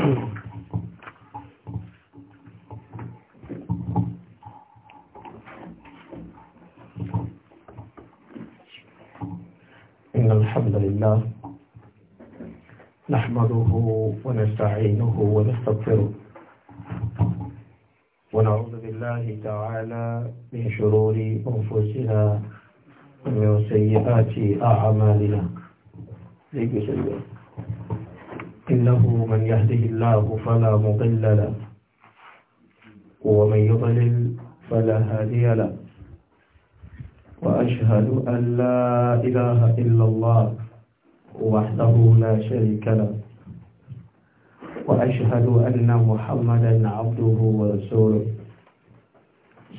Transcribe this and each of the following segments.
إن الحمد لله نحمده ونستعينه ونستغفره ونعوذ بالله تعالى من شرور أنفسنا ومن سيئات أعمالنا إنه من يهده الله فلا مضل له ومن يضلل فلا هادي له وأشهد أن لا إله إلا الله وحده لا شريك له وأشهد أن محمدا عبده ورسوله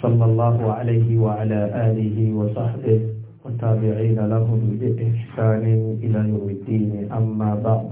صلى الله عليه وعلى آله وصحبه وتابعين لهم بإحسان إلى يوم الدين أما بعد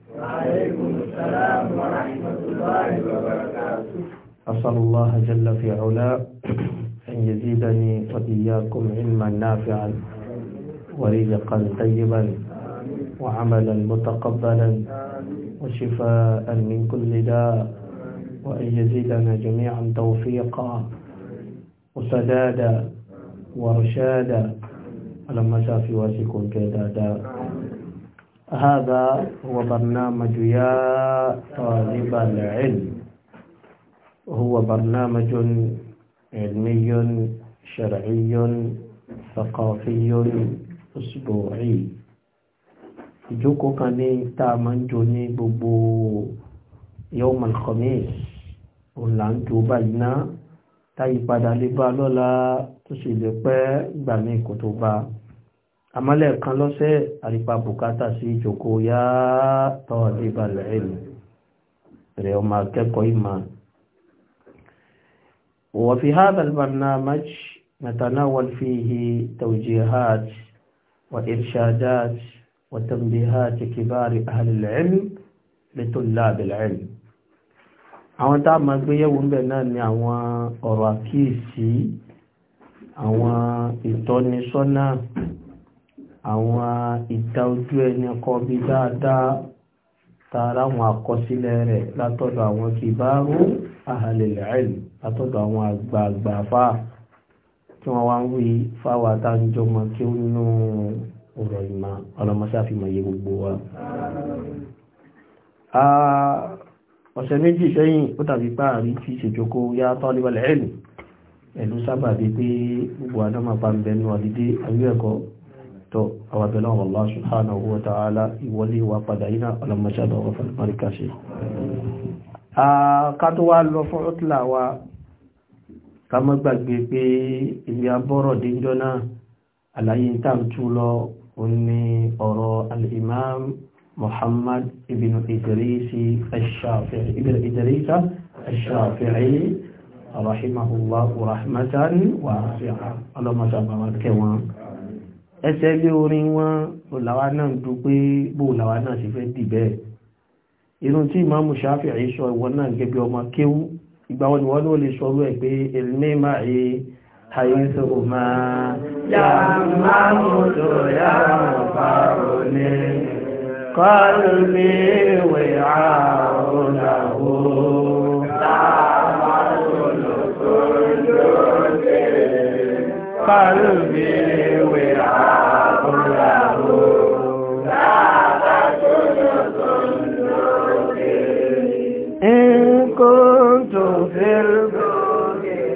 وعليكم السلام ورحمة الله وبركاته أسأل الله جل في علاه أن يزيدني وإياكم علما نافعا ورزقا طيبا وعملا متقبلا وشفاء من كل داء وأن يزيدنا جميعا توفيقا وسدادا ورشادا ولما شافي واسكم كذا هذا هو برنامج يا طالب العلم هو برنامج علمي شرعي ثقافي أسبوعي ìjókòó kan ní tá a máa ń jọ ní gbogbo yom alkhamis òun là ń jọ báyìí ná táyípadà lè bá lọ́la tó sì lè pẹ́ gbà ní kò tó bá a àmọ́lẹ̀ kan lọ́sẹ̀ àrípa bùkátà sí ìjòkó yàtọ̀ ìbàlẹ̀ ẹ̀lú rẹ̀ ọmọ akẹ́kọ̀ọ́ ìmọ̀ وفي هذا البرنامج نتناول فيه توجيهات وإرشادات وتنبيهات كبار أهل العلم لطلاب العلم àwọn tá a máa gbé yẹ̀wò ń bẹ̀ náà àwọn ìta ojú ẹni ọkọ̀ bí dáadáa tààrà àwọn àkọsílẹ̀ rẹ̀ látọ̀dọ̀ àwọn kìbáàrú ahlil ilm látọ̀dọ̀ àwọn àgbààgbà fà tí wọ́n wá ń wí fáwọn adájọ́mọ kí ó nínú ọ̀rọ̀ ìmọ̀ ọlọ́mọsáfìmọ̀ yẹ gbogbo wa. ọ̀sẹ̀ méjì sẹ́yìn ó tàbí páàrí fi ṣèjoko yá tọ́líwẹ̀lẹ̀ ẹ̀lú sábà bíi pé gbogbo àdámàpá ń bẹnu ọ̀dídé àwíẹ̀kọ́ tó àwọn abẹ́lẹ́ àwọn Allah subhanahu wa ta'ala ìwọlé wa padà yìí náà ọlọ́mọṣàdọ̀ ọ̀rọ̀ fàlùmọ́ríkà ṣe ká tó wá lọ fún ọ́tìlà wa ká má gbàgbé pé ibi abọ́rọ̀ díjọ́ náà àlàyé tá ń al-imam muhammad ibn idrisi ash-shafi'i ibn idrisa ash-shafi'i rahimahullahu rahmatan wa rafi'a ọlọ́mọdé àbáwá kẹwọn ẹsẹ̀ lé orin wọn olàwà náà ń dú pé bó olàwà náà ṣe fẹ́ dì bẹ́ẹ̀ irun tí ìmáàmù Ṣáfi'í sọ ìwọ náà gẹ́gẹ́ bí ọmọ kéwú ìgbà wọn ni wọ́n ló lè sọ rú ẹ̀ pé ilmi ma'i haythu ma ya mamutu ya mufaruni qalbi wi'a'un lahu qalbi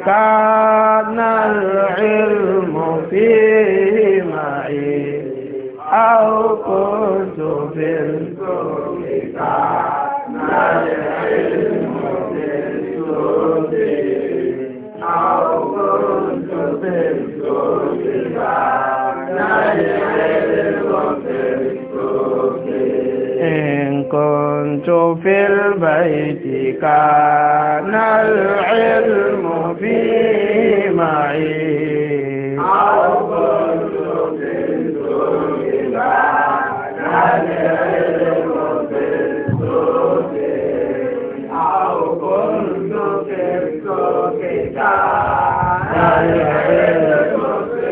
كان العلم في معي أو كنت في الكون كان العلم في الكون أو كنت في الكون كان العلم في الكون إن كنت كنت في البيت كان العلم في معي أو كنت في الدنيا كان العلم في السوق أو كنت في السوق كان العلم في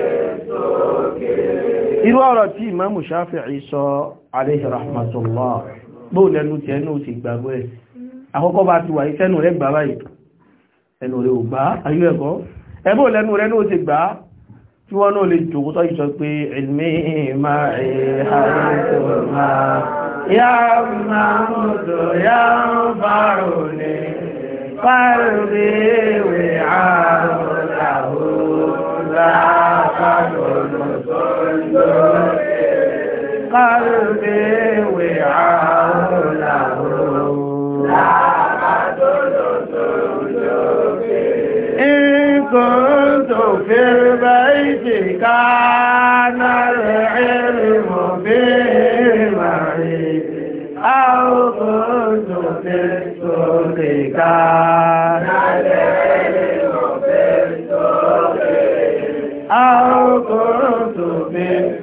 إلى irú ọ̀rọ̀ tí Imam Shafi'i sọ alayhi rahmatullah bóò lẹ́nu tí ẹnu ti gbàgbọ́ ẹ̀ àkọ́kọ́ bá ti wà ìṣẹ́nu rẹ̀ gbà báyìí ẹnu rẹ̀ ò gbá ayú ẹ̀kọ́ ẹbó lẹ́nu rẹ̀ ló ti gbà tí wọ́n náà lè jòkó tọ́ ìṣọ́ pé ẹ̀mí máa ẹ̀ àìsọ̀ máa قلبي وعاه له لا قدر إن كنت في البيت كان العلم به معي أو كنت في السوق كان العلم بالسوق أو كنت في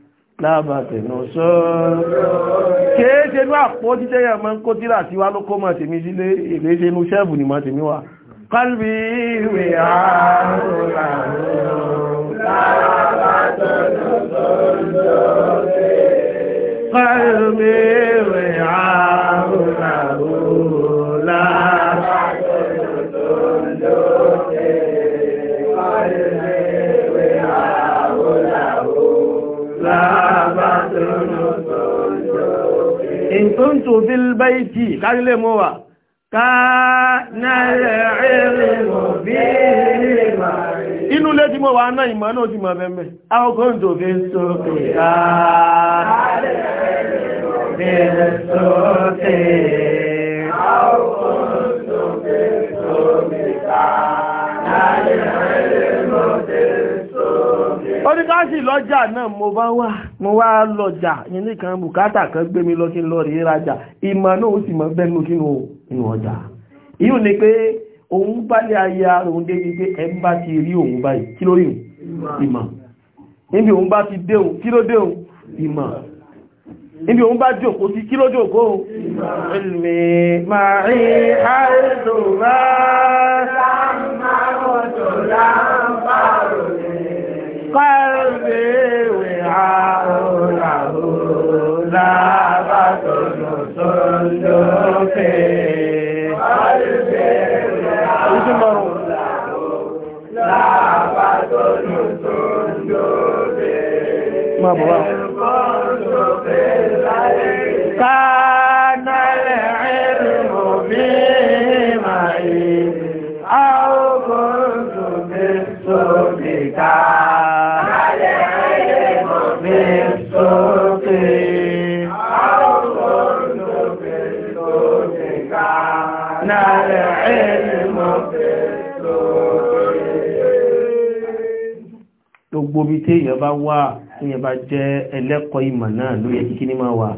lábàtẹ̀nà sọ́rọ̀ kéèṣe ní àpò títẹ́ yà máa ń kó tíra tí wá ló kó máa tèmi sílé ìrèṣe inú sẹ́ẹ̀bù ni máa tèmi wà kálbí ìwé àárùn lábàtẹ̀nà sọ́rọ̀ kárílẹ̀ mọ́ wà ká inú lé tí mọ́ wà náà ìmọ̀ náà ti mọ̀ bẹ́ẹ̀ àwọn kan tó fi sókè ká Thank you oníkáṣì lọ́jà náà mo bá wà mo wá lọ́jà yìí kan bùkátà kan gbé mi lọ kí n lọ rí rajà ìmọ̀ náà ó sì mọ̀ bẹ́nu kínú ọjà yíò ní pé òun bá lé ayé ara òun dé wípé ẹn bá ti rí òun báyìí kí ló rí òun ìmọ̀ níbi òun bá ti dé òun kí ló dé òun ìmọ̀ níbi òun bá jòkó sí kí ló jòkó òun ìmọ̀ قلبي وعاء له لابد صندوق قلبي وعاء له لابد صندوق ما بغير كان العلم به معي أو كنت بالصدق téèyàn bá wà téèyàn bá jẹ́ ẹlẹ́kọ̀ọ́ ìmọ̀ náà ló yẹ kíkí ní máa wà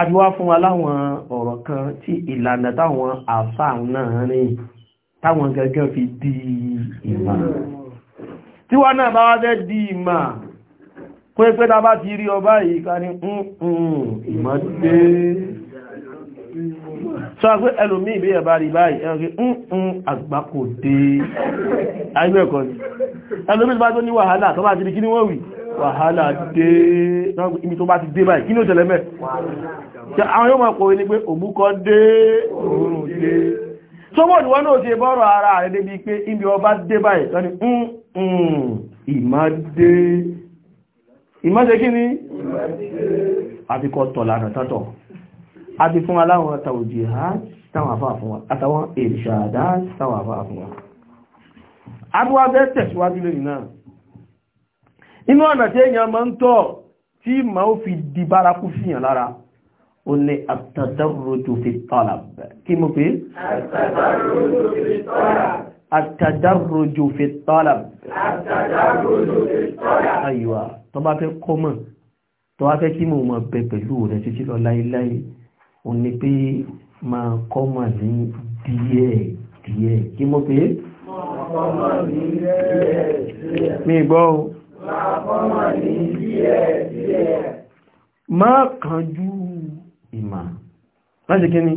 a ti wá fún wa láwọn ọ̀rọ̀ kan tí ìlànà táwọn àfà náà rìn táwọn gẹ́gẹ́ fi di ìmọ̀ tí wọ́n náà bá wá fẹ́ di ìmọ̀ kó é e pé ti rí ọba yìí ká ní ìmọ̀ sọ pé ẹlòmí ìbéyẹ̀ bá rí báyìí ẹ̀rọ̀kẹ́ ń mm, mm, àgbà kò dé ayébẹ̀ẹ̀kọ́ ni ẹlòmí bá tó ní wàhálà tó bá ti di kí ní wọ́n wì wàhálà dé ibi tó bá ti dé báyìí kí ní òtẹ̀lẹ̀ mẹ́ àwọn yóò máa kò ní pé òmúkọ dé òórùn dé sọ́wọ́ ìwọ́n náà ti bọ́rọ̀ ara rẹ̀ débi a ti fún aláwọn tawjihat táwọn àfáà fún wa àtàwọn irshadat táwọn àfáà fún wa abúwá bẹ́ tẹ̀síwájú lórí náà inú ọ̀nà tí èèyàn máa ń tọ̀ tí ma ó fi di bárakú fìyàn lára ó ní àtàdáròjò fi talab kí mo pé àtàdáròjò fi talab fi talab àtàdáròjò fi talab fẹ́ kọ́mọ̀ tó fẹ́ kí mo mọ̀ pẹ̀lú rẹ̀ títí lọ láíláí ò ní pé máa kọ́ mà ní díẹ̀ díẹ̀ kí mo pé mi gbọ́ o máa kánjú ìmà láti kí ni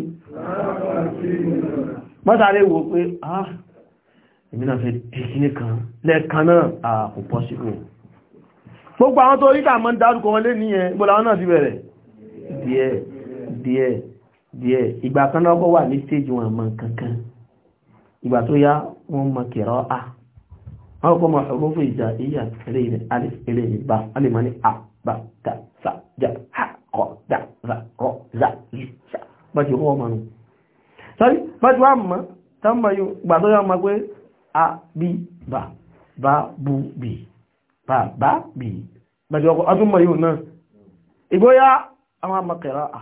mọ́sàárẹ́ wo pé ah èmi náà fẹ́ dìkíní kan lẹ́ẹ̀kan náà àpò pọ́síkò gbogbo àwọn tó ríkà mọ́ dárúkọ wọn ní ẹ gbọ́lá náà ti bẹ̀rẹ̀ díẹ̀ díẹ̀ díẹ̀ ìgbà kan náà bọ́ wà ní stage wọn mọ̀ kankan ìgbà tó yá wọ́n mọ̀ kẹ̀rọ à wọ́n kọ́ mọ̀ ọ̀rọ̀fún ìjà ìyà eléyìí alif eléyìí bá alìmọ́ ní bá ta sa ja ha kọ da ra rọ za yi sa bá ti rọ́ ọmọ nù sọ́rí bá ti wá mọ̀ tán mọ̀ yóò gbà a bí bá bá bú bì bá bá bì bá ti ọkọ̀ ọdún mọ̀ yóò náà ìgbóyá àwọn amọ̀kẹ̀rọ à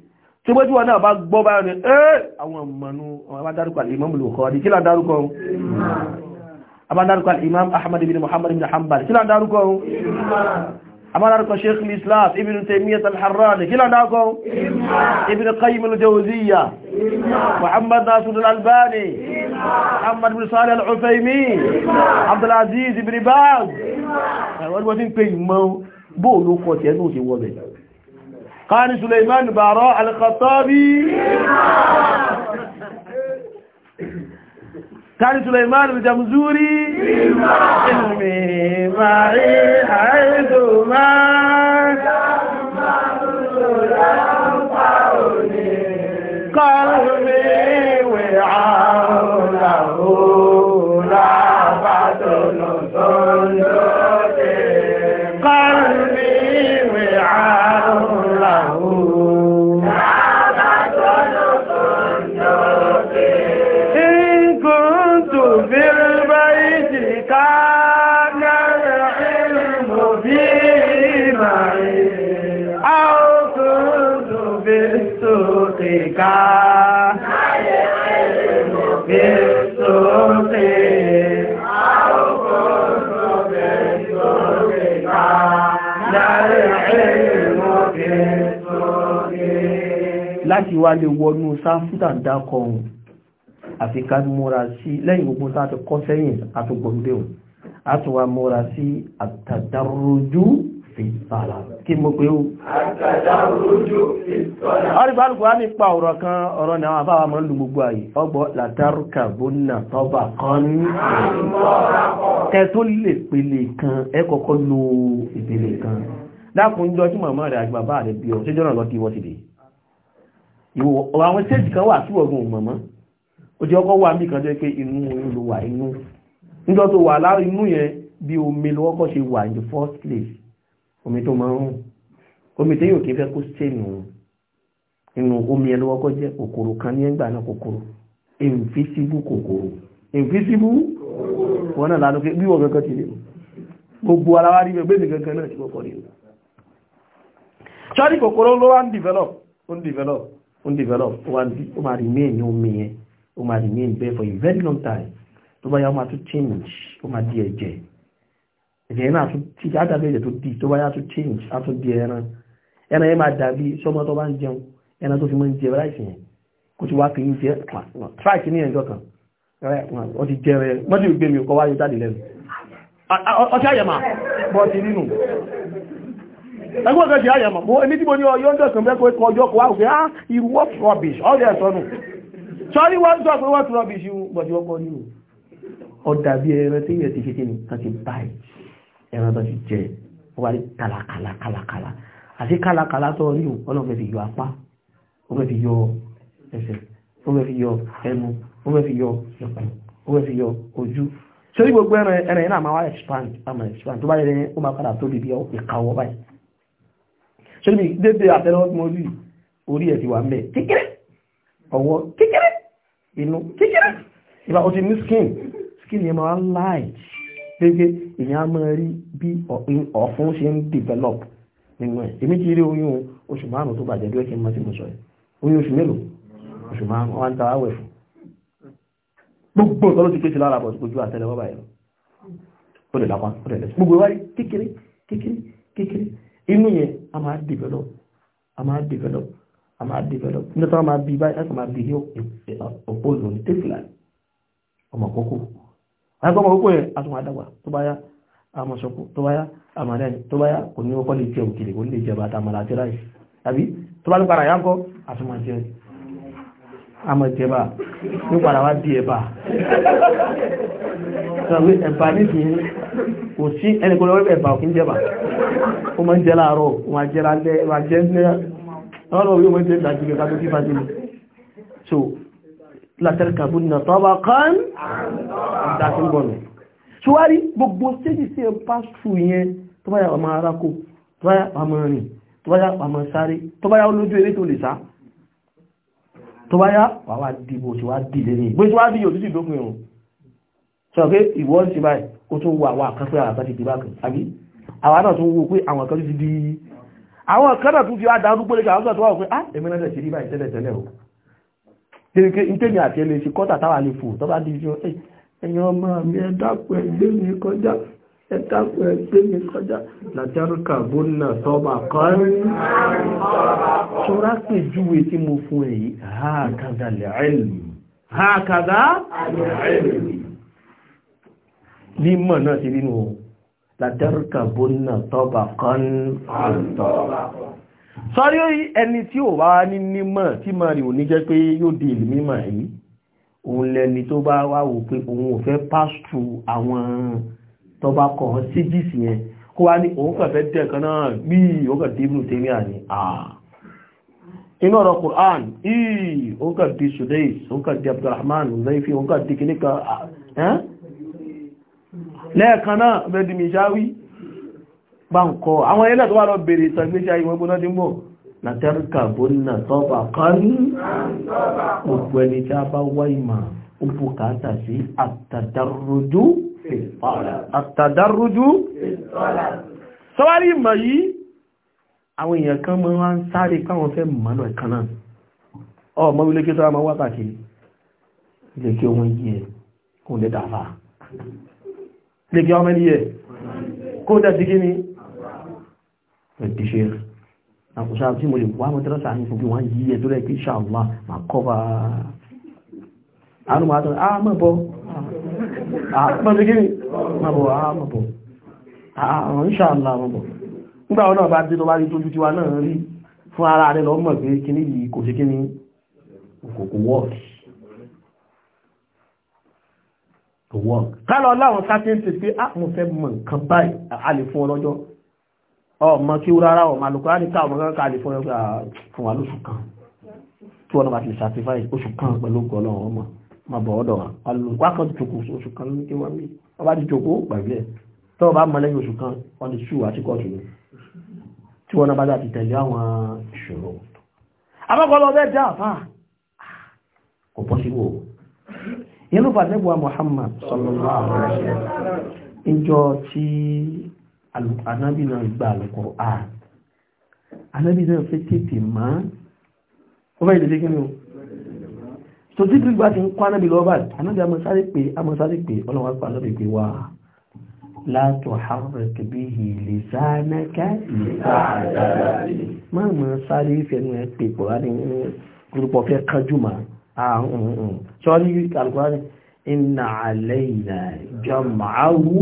tí bójú wọn náà bá gbọ́ báyọ̀ ní ẹ́ àwọn ọmọnú abádárúkọ al'imam al-Bukhari kí ládárúkọ ohun abádárúkọ al'imam Ahmad ibn Muhammad ibn Hanbal kí ládárúkọ ohun abádárúkọ sheikh al-Islam ibn Taymiyyah al-Harrani kí ládárúkọ ohun ibn Qayyim al-Jawziyya Muhammad Nasir al-Albani Muhammad ibn Salih al-Uthaymin Abdul ibn Baz wọ́n wọ́n ti ń pè ìmọ̀ bóòlù kọ̀ tẹ́lú قال سليمان براء الخطابي قال سليمان بجمزوري علمي معي حيث ما قلبي وعونه wá lè wọnú sáfútà dákọ̀ ọ̀hún àfi ká múra sí lẹ́yìn gbogbo tá a ti kọ́ sẹ́yìn àtúgbòǹdé a tún wá múra sí àtàdáròjú fi bàlá kí mo pé ó àtàdáròjú fi bàlá ọ̀rìbálùkù á ní pa ọ̀rọ̀ kan ọ̀rọ̀ ni àwọn àbáwà máa ń lu gbogbo àyè ọgbọ́ látàrúkà bónà tọ́bà kan ní kẹ tó lè pèlè kan ẹ kọ́kọ́ lo ìpèlè kan dákùnjọ tí màmá rẹ̀ àgbàbá rẹ̀ bí ọ ṣéjọ́ náà lọ kí wọ́n ti dè ìwọ̀ àwọn stéèjì kan wà tí wọ̀gùn mọ̀mọ́ o jẹ́ ọkọ̀ wà kan jẹ́ pé inú ló inú níjọ́ tó wà lára inú yẹn bí omi lọ́kọ̀ ṣe wà in the first place omi tó máa ń omi tó yóò kí fẹ́ kó stéènù inú omi ẹ lọ́kọ̀ jẹ́ kòkòrò kan ní ẹgbàá náà kòkòrò invisible kokoro kòkòrò ló wá ń develop ó máa remain ní omi yẹn remain bẹ́ẹ̀ for a very long time tó bá yá ó máa tún change ó máa di ẹ̀jẹ̀ ẹ̀jẹ̀ náà tún ti ádàbí ẹ̀jẹ̀ tó to tó bá yá tún change á tún di ẹran ẹran yẹn máa dàbí sọmọ tó bá ń jẹun ẹran tó fi mọ́ ń jẹ ráìsì yẹn kó ti wá fi ń jẹ tíráìkì ní ẹ̀jọ́ kan wọ́n ti jẹ rẹ̀ mọ́tì gbé mi kọ́ wáyé jáde lẹ́nu ọtí àyẹ̀mà bọ́ọ̀tì nínú ẹgbẹ́ ọ̀gá jẹ́ àyẹ̀mọ̀ bó ẹni tí mo ní ọyọ́ ń dọ̀sán bẹ́ẹ̀ kó ọjọ́ kó wá òkè á ah, irú wọ́pù rubbish ọ̀rẹ́ ẹ̀ sọnù sọ́rí wọ́n sọ pé wọ́pù rubbish but bọ̀dí ọkọ ní ọ̀dà bí ẹran tí yẹn ti ṣe kíni kan ti báyìí ẹran tó ti jẹ wọ́n wá ní kàlàkàlà kàlàkàlà àti kàlàkàlà tó rí o ọlọ́fẹ́ fi yọ apá ó fẹ́ fi yọ ẹsẹ̀ ó fẹ́ fi yọ ẹnu ó fẹ́ fi yọ ẹ̀pẹ̀ ó fẹ́ fi yọ ojú sórí gbogbo ẹran ẹran yẹn náà máa wá expand àmọ́ expand tó bá yẹ ó máa padà tóbi bí ìkàwọ́ báyìí ṣe bí dédé àtẹ́lọ́wọ́ tí mo rí orí ẹ̀ ti wà mẹ́ kékeré ọwọ́ kékeré inú kékeré ìbá o ti ní skin skin yẹn máa light pépé ìyẹn a máa rí bí ọ̀fun ṣe ń develop nínú ẹ̀ èmi ti rí oyún oṣù márùn tó bàjẹ́ dúró kí n má ti mọ̀ sọ ẹ̀ oyún oṣù mélòó oṣù márùn wọn ń tara wẹ̀ fún gbogbo ìtọ́ló ti kéṣe lára bọ̀ ojú àtẹ́lẹwọ́ báyìí lọ ó lè lápá ó lè lẹ́sùn gbogbo ìwárí kékeré kékeré kékeré inú yẹn a máa develop a máa develop a máa develop nígbà tó a máa bí báyìí a máa bí yóò òpó lòní tẹ́fìlà ọmọ kókó àgbọ̀mọ̀ kókó yẹn a tún máa dàgbà tó bá yá a máa sọkó tó bá yá a máa dẹ́ni tó bá yá kò ní ọkọ lè jẹ òkèlè kò ní lè jẹ bàtà àmàlà àti ráì tàbí tó bá ní padà yá ń a tún máa jẹ a máa jẹ bá ní padà wá di ẹ̀ bá ṣàwé ẹ̀bà nísìnyí kò sí ẹnìkan lọ́wọ́ ẹ̀bà òkín jẹba O máa ń jẹ láàárọ̀ wọn jẹ lálẹ́ wọn jẹ ní ọlọ́wọ́ yóò mọ́ jẹ ìdájú kẹta tó kí bá jẹ so látẹ́rẹ̀kàbùn náà tọ́bà kan ìdásígbọ̀nù ṣúwárí gbogbo stéjì sí ẹ̀pá ṣù yẹn tó báyà ọmọ arákò tó báyà ọmọ rìn tó báyà ọmọ sáré tó báyà olójú eré tó lè sá tó báyà wà wá dìbò tí wá dìlé ní gbé tí wá dìyò títì dókùn ẹ̀rùn sọ pé ìwọ ń ṣe báyìí ó tún wo àwọn àkànṣe àwọn àkànṣe ìdìbò àkàn àbí àwọn náà tún wo pé àwọn àkànṣe ti di àwọn kan náà fi àdá ọdún pélé àwọn tó wà pé ah èmi náà ṣe rí báyìí tẹ́lẹ̀ tẹ́lẹ̀ o tẹ́lẹ̀kẹ́ ìtẹ́mi àti ẹlẹ́ ṣe kọ́tà táwa lè fò tọ́ba di iṣẹ́ ẹ̀yin ọmọ mi ẹ dákun ẹ gbé mi kọjá ẹ dákun ẹ gbé mi kọjá bí mọ̀ náà ti rí nù látẹ́rùkàbónà tọ́bà kan sọ́rí ẹni tí ò wá ní nímọ̀ tí ma rí ò ní jẹ́ pé yóò di ìlú mímọ̀ yìí òun lẹni tó bá wá wò pé òun ò fẹ́ pass through àwọn tọ́bà kan síjìs yẹn kó wá ní òun kàfẹ́ tẹ̀kan náà bí òun kà dé ibùn tèmi àní inú ọ̀rọ̀ Qur'an ìí òun kà di Sudais òun kà lẹ́ẹ̀kan náà bẹ́ẹ̀dì mìíṣáwí bá ń kọ àwọn ilẹ̀ tó wà lọ bèèrè ìtàgbéṣí wọn gbọ́nà dínbọ̀ na tẹ́rìkà bónà tọ́bà kan gbogbo ẹni tí a bá wá ìmà ó bùkátà sí àtàdárújú àtàdárújú sọwárí ìmọ̀ yìí àwọn èèyàn kan mọ́ wá ń sáré káwọn fẹ́ mọ́lọ̀ ẹ̀kan náà lè kí ọmọ ilé kó dẹ̀ sí kí ni ẹ̀dì ṣe àkùsá tí mo lè wá mọ́tẹ́rẹ́sà ní fún bí wọ́n yí ẹ̀ tó rẹ̀ kí ṣàlá ma kọ́bà àánú máa tọ́rọ àmọ́bọ̀ àmọ́bọ̀ kí ni mọ́bọ̀ àmọ́bọ̀ àwọn ìṣàlá mọ́bọ̀ nígbà wọn náà bá dé tó bá rí tójú tiwa náà rí fún ara rẹ̀ lọ́mọ̀ pé kí ni yìí kò sí kí ni òkòkò wọ́ọ̀sì to work kálọ̀ láwọn sátẹ́ǹtì pé á ah, mo fẹ́ mọ̀ nǹkan báyìí a lè fún ọlọ́jọ́ ọmọ kí ó rárá ọmọ alùpùpù á ní ká ọmọ kankan a lè fún ọlọ́jọ́ ah, fún wa lóṣù kan tí wọ́n náà bá ma bọ̀ ọ́dọ̀ wa kan ti jòkó oṣù kan ló ní kí wọ́n rí wọ́n bá ti jòkó gbàgbé ẹ̀ tó o bá mọ lẹ́yìn oṣù kan wọ́n ti ṣù àti kọ́ọ̀tù yẹn ló fà nẹ́bùwà Muhammad sallallahu alaihi wasallam ìjọ tí anábì náà gba Al-Qur'an anábì náà fẹ́ tètè má ó fẹ́ ìdílé kíni o tó tí gbígbà ti ń kọ́ anábì lọ́wọ́ anábì amọ̀sáré pé amọ̀sáré pé ọlọ́wọ́ pa anábì pé wà la tuharrik bihi lisanaka ìsáàdá máa ṣọ́rí ah, mm, mm, mm. alkùnrin iná àlẹ́yìnà jọmọ̀ áwú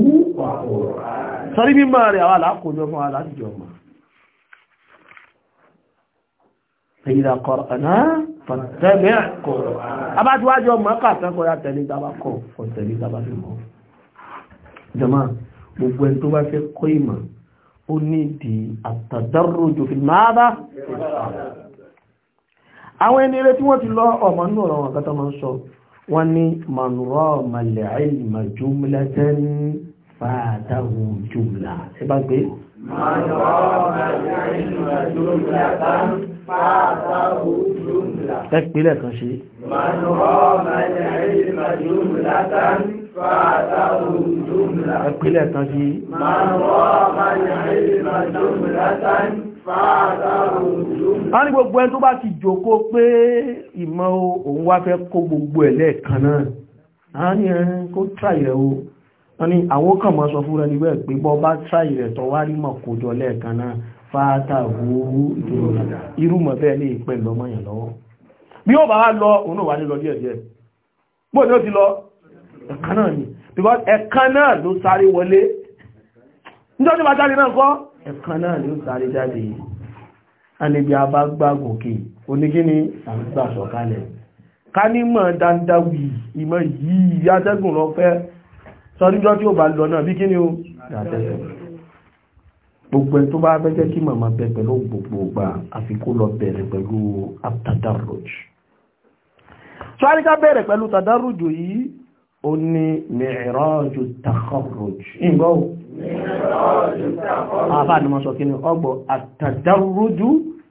sọ́rí mímọ̀ rẹ̀ àwọn alákòójọ fún aláti jọmọ̀ ìdá kọ̀rọ̀nà fọ̀tẹ́mẹ́ kọ̀rọ̀ abájúwájọ́ mọ́kàtẹ́kọ̀ ya tẹ̀lé tabakọ̀ fọ̀tẹ̀lé tabakọ̀ jọmọ́ gbogbo ẹni tó bá fẹ́ kọ́ ìmọ̀ ó àwọn ẹni rẹ̀ tí wọ́n ti lọ ọmọ inú ọ̀rọ̀ wọn kátà máa ń sọ wọ́n ní manurọ́ malẹ̀ ilmà jùmlẹ̀ tẹ́ ń fàádáhù jùmlà ẹ bá gbé Tẹ́pìlẹ̀ kan ṣe. Tẹ́pìlẹ̀ kan ṣe wọ́n ní gbogbo ẹni tó bá ti jókòó pé ìmọ̀ òun wá fẹ́ kó gbogbo ẹ̀ lẹ́ẹ̀kan náà àwọn ní ẹ̀rin kó tráyẹ̀ o wọ́n ní àwọn kàn mọ́ sọ fúnra níbẹ̀ pé bọ́ bá tráyẹ̀ tọ́ wá rí mọ̀ kójọ lẹ́ẹ̀kan náà fáátà wúwú irúmọ̀ bẹ́ẹ̀ lè ní lọ díẹ̀ ni because ẹ̀kan náà ló sáré wọlé nítorí bá jáde náà kọ́ ẹ̀kan náà ló anibi abá gbá gòkè oníkíní àgbà sọ̀kalẹ̀ ká ní mọ̀ dandawi ìmọ̀ yìí atẹ́gùn lọ fẹ́ sọ́dúnjọ́ tí ó bá lọ náà bí kíní o dàtẹ́gùn gbogbo ẹ̀ tó bá fẹ́ jẹ́ kí màmá bẹ pẹ̀lú gbogbo gbà àfikún lọ bẹ̀rẹ̀ pẹ̀lú atadarruj sọ́ríká bẹ̀rẹ̀ pẹ̀lú tadarruj yìí ó ní mi'raju takharruj ìgbọ́ ni wọ́n sọ kí ni ọgbọ̀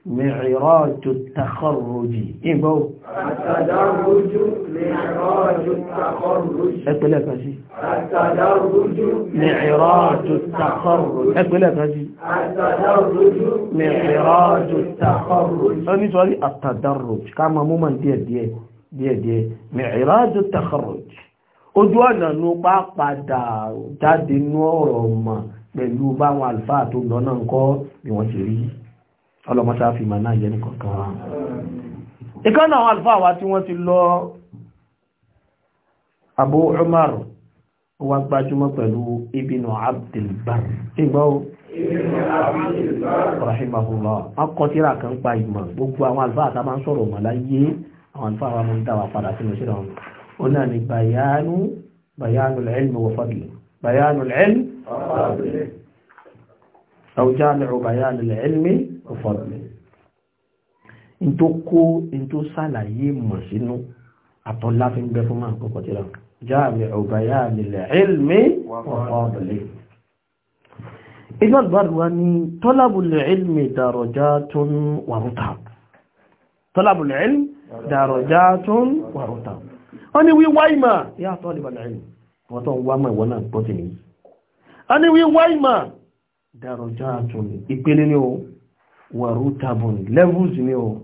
معراج التخرج إيبو التدرج معراج التخرج أقول لك هجي التدرج معراج التخرج أقول لك هجي التدرج معراج التخرج أنا سؤالي التدرج كما موما دي دي دي دي معراج التخرج ojú نوبا ló bá padà jáde nú ọ̀rọ̀ ọmọ pẹ̀lú báwọn àlùfáà tó ọlọ́mọta fi máa náà jẹ́ ní kọ̀ọ̀kan wọn ìkọ́nà àwọn alfáà wá tí wọ́n ti lọ Abu Umar wá gbájúmọ́ pẹ̀lú Ibn Abdul Barr ìgbọ́ rahimahullah akọtíra kan pa ìmọ̀ gbogbo àwọn alfáà tá máa ń sọ̀rọ̀ mọ̀ láyé àwọn alfáà wa mọ́ ń dáwà padà sínú síra wọn ó náà ni bayanu bayanu al-ilm wa bayanu al-ilm aw jami'u bayan fọ́nmi n tó kó n tó sàlàyé mọ̀ sínú àtọ́lá fi ń bẹ fún máa kọ́kọ́ tí ra jáàmì ọ̀báyá nílẹ̀ ilmi ọ̀pọ̀lẹ̀ ibn al-Barr wá ní talabul ilmi darajatun wa rutab talabul ilmi darajatun wa rutab wọ́n ní wíwá ìmọ̀ yá talibul ilmi wọ́n tó ń wá wa rutabun levels ni o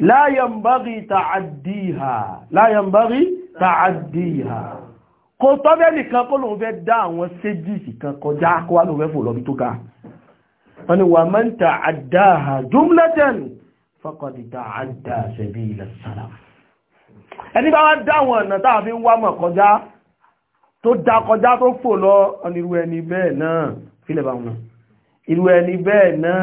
la yanbaghi ta'addiha la yanbaghi ta'addiha kò tọ́ bẹ́ẹ̀ nìkan kó lóun fẹ́ dá àwọn séjìsì kan kọjá kó wá lóun fẹ́ fò lọ́bí tó ga wọ́n ni wa man ta'addaha jumlatan faqad ta'adda sabila salaf ẹni bá wá dá àwọn ọ̀nà táà fi ń wá mọ̀ kọjá tó dá kọjá tó fò lọ ọ̀nà irú ẹni bẹ́ẹ̀ náà fílẹ̀ bá wọn irú ẹni bẹ́ẹ̀ náà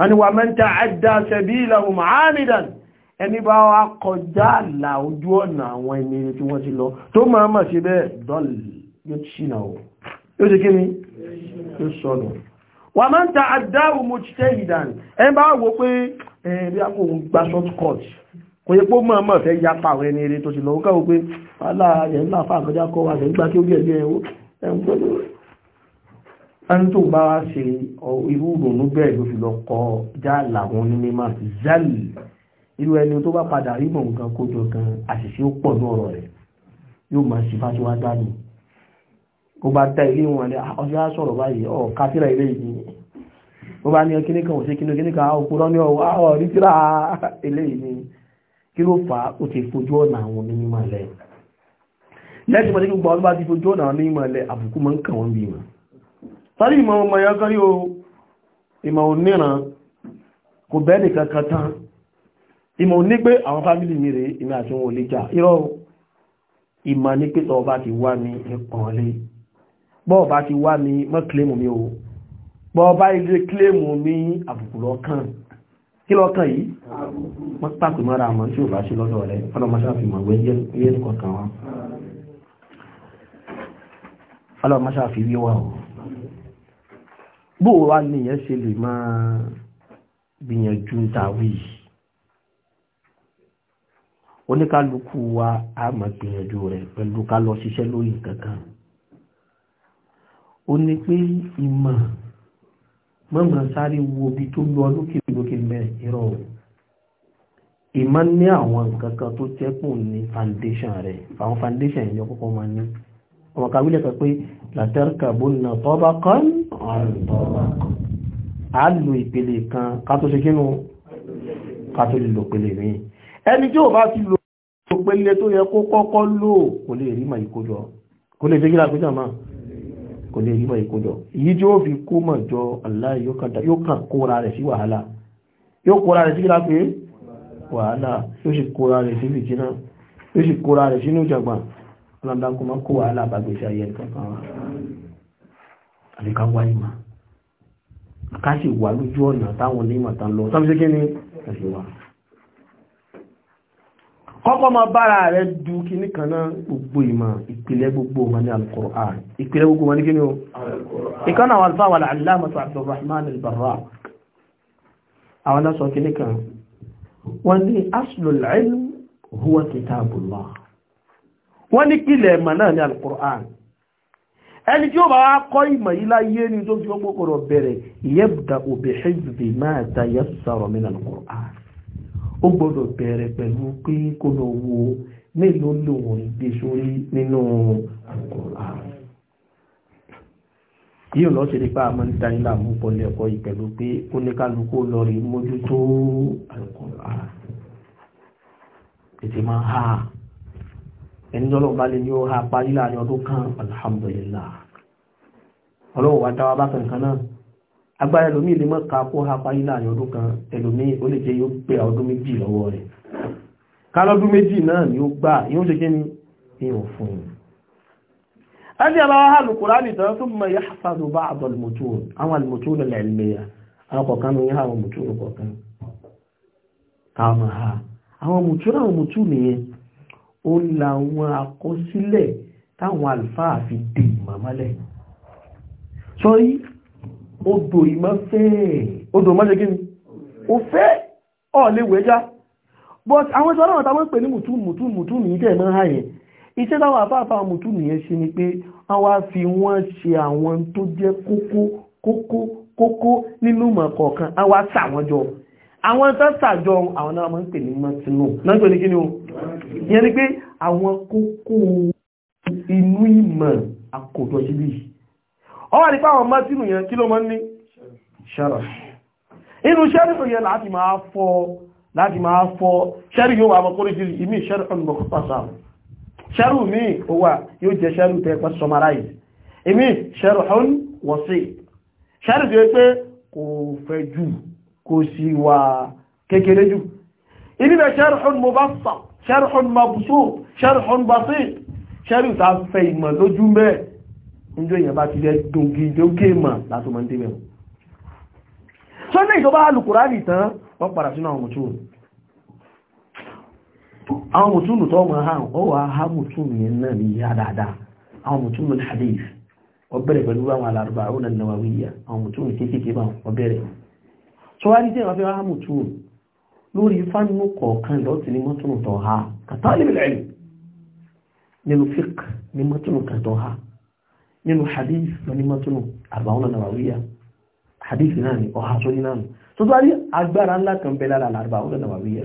ani wa man ta'adda sabilahum 'amidan ẹni bá wá kọjá àlà ojú ọ̀nà àwọn ẹni tí wọ́n ti lọ tó máa máa ṣe bẹ́ẹ̀ dọ́lì yóò ti ṣìnà o yóò ṣe kí ni yóò sọnù wa man ta'adda mujtahidan ẹni ẹni tó bá wá ṣe irú ìrònú bẹ́ẹ̀ ló fi lọ kọ já làwọn onímọ̀ zali irú ẹni tó bá padà rí mọ̀ nǹkan kójọ kan àṣìṣe ó pọ̀ ní ọ̀rọ̀ rẹ̀ yóò máa ṣe fásiwá dání ó bá dá ilé wọn ní ọjọ́ á sọ̀rọ̀ báyìí ọ̀ kátìrà ilé yìí ó bá ní kíní kan ò sí kíní kíní kan òkúrọ́ ní ọ̀ rí tíra ilé yìí ni kí ló fà á ó ti fojú ọ̀nà àwọn onímọ̀ lẹ̀ lẹ́sìn mọ́ ní gbogbo ọdún bá ti fojú ọ̀nà àwọn onímọ̀ lẹ̀ àbùkù máa ń kàn wọ́n bí wọn sáré ìmọ̀ ọmọ ẹ̀yọ́ kan yóò ìmọ̀ oníran kò bẹ́ẹ̀ nìkan kan tán ìmọ̀ ní pé àwọn fámílì mi rèé ìmọ̀ àti wọn ò lè jà irọ́ ìmọ̀ ní pé tọba ti wá mi ẹ̀pọ̀n lé bọ́ọ̀bá ti wá mi mọ́ kílèmù mi o bọ́ọ̀bá o bó wá nìyẹn ṣe lè máa gbìyànjú dáwì oníkálukú wa a máa gbìyànjú rẹ̀ pẹ̀lú ká lọ ṣiṣẹ́ lórí kankan ó ní pé ìmọ̀ mọ́mọ́ sáré wo bí tó lọ lókèlókè mẹ́rin irọ́ òun ìmọ̀ ní àwọn nǹkan kan tó jẹ́ ní foundation rẹ̀ àwọn foundation yẹn kọ́kọ́ máa ní ọmọ kàwílẹ̀ kan pé latẹ́rkàbónà tọ́bà kan a lò ìpele kan kátó ṣe kínú kátó lílò pele rí ẹni tí ó bá ti lò pele tó yẹ kó kọ́kọ́ lò kò lè rí ma ìkójọ kò tí ó fi kó mọ̀ jọ Allah yóò kàn kóra rẹ̀ sí wàhálà yóò kóra rẹ̀ sí kílá pé wàhálà yóò sì kóra rẹ̀ sí fìtínà yóò sì kóra ọlọ́dá kó mọ́ kó wàhálà àbágbèsè ayé kankan wa àti ká wáyé ma ká sì wà lójú ọ̀nà táwọn onímọ̀ tán lọ sábẹ́ kí ni ẹ̀sìn wa kọ́kọ́ ma bára rẹ̀ du kíní kan náà gbogbo ìmọ̀ ìpìlẹ̀ gbogbo ma ní al-Qur'an ìpìlẹ̀ gbogbo ma ní kí ni o ìkànnà àwọn alfa wàlà aláàmàtà wọ́n ní pìlẹ̀ ìmọ̀ náà ní alukur'an ẹni tí ó bá wá kọ́ ìmọ̀ yìí láyé ní tó fi ọgbọ́ kọ̀rọ̀ bẹ̀rẹ̀ yẹ́bùdà òbí hizbi máa ta yẹ́sàrọ̀ min alukur'an ó gbọ́dọ̀ bẹ̀rẹ̀ pẹ̀lú pé kó lọ wo mélòó lòun ìgbé sórí nínú alukur'an yìí ò lọ máa ha ẹni tó lọ́wọ́ bá lè ní ó ha parí láàrin ọdún kan alhamdulillah ọlọ́wọ́ wa dáwà bá kankan náà agbára ẹlòmíì lè mọ́ ká kó ha parí láàrin ọdún kan ẹlòmíì ó lè jẹ́ yóò pé ọdún méjì lọ́wọ́ rẹ̀ kálọ́dún méjì náà ni ó gbà yóò ṣe kí ni èèyàn fún un ẹni àbáwá alùkùránì tán tó mọ ìyá àwọn àlùmùtún àwọn kọ̀ọ̀kan nìyẹn ó làwọn àkọsílẹ̀ táwọn àlùfáà fi dè ìmọ̀ mọ́lẹ̀ sọ́rí odò ìmọ̀ fẹ́ẹ̀ odò mọ́lẹ̀ kí ni ó fẹ́ ọ̀lẹ́wẹ̀ẹ́já but àwọn ìṣọ́rọ̀ àwọn táwọn pè ní mùtú mùtú mùtú nìyí tẹ̀ mọ́ ààyẹ̀ iṣẹ́ táwọn àfáàfáà mùtú nìyẹn ṣe ni pé wọ́n fi wọ́n ṣe àwọn tó jẹ́ kókó kókó kókó nínú mọ̀ kọ̀ọ̀kan àwọn sáwọn jọ àwọn tọ́sàjọ àwọn náà máa ń pè ní mọ́tínú náà pè ní kí ni o yẹn ni pé àwọn kókó inú ìmọ̀ àkójọ síbí ọwà ní pàwọn mọ́tínú yẹn kí ló mọ́ ní ṣẹ́rọ̀ inú ṣẹ́rìfù yẹn láti máa fọ́ láti yóò wà mọ́kórí sí mi ó wà yóò jẹ́ ṣẹ́rù summarize ìmí ṣẹ́rù ọ̀n wọ́sí ṣẹ́rì tó kò sí wà kékeré jù ibíbẹ̀ sharhun mubassat sharhun mabsut sharhun basit sharhun ta fẹ́ ìmọ̀ lójú mẹ́ níjọ́ èèyàn bá ti jẹ́ dògìdókè mà látọ́ mọ́ débẹ̀ sọ́nà ìjọba alùkùránì tán wọ́n padà sínú àwọn mùtúùnù àwọn mùtúùnù tó wọ́n ha ó wà ha mùtúùnù yẹn náà ní yá dáadáa àwọn mùtúùnù hadith wọ́n bẹ̀rẹ̀ pẹ̀lú àwọn alàrùbà àwọn nàwàwíyà àwọn mùtúùnù kéékèèké bá wọ́n bẹ̀rẹ̀ ṣọwárí jẹ́ ìrọ̀fẹ́ ráhámù tú lórí fánú kọ̀ọ̀kan lọ́tí ní mọ́tún tọ̀ ha kàtà níbìlẹ̀ ẹ̀lú nínú fík ní mọ́tún kàtọ̀ ha nínú hadith lọ ní mọ́tún àbáwọn nàwàwíyà hadith náà ni ọha tó ní náà tó tó rí agbára ńlá kan bẹ lára àbáwọn nàwàwíyà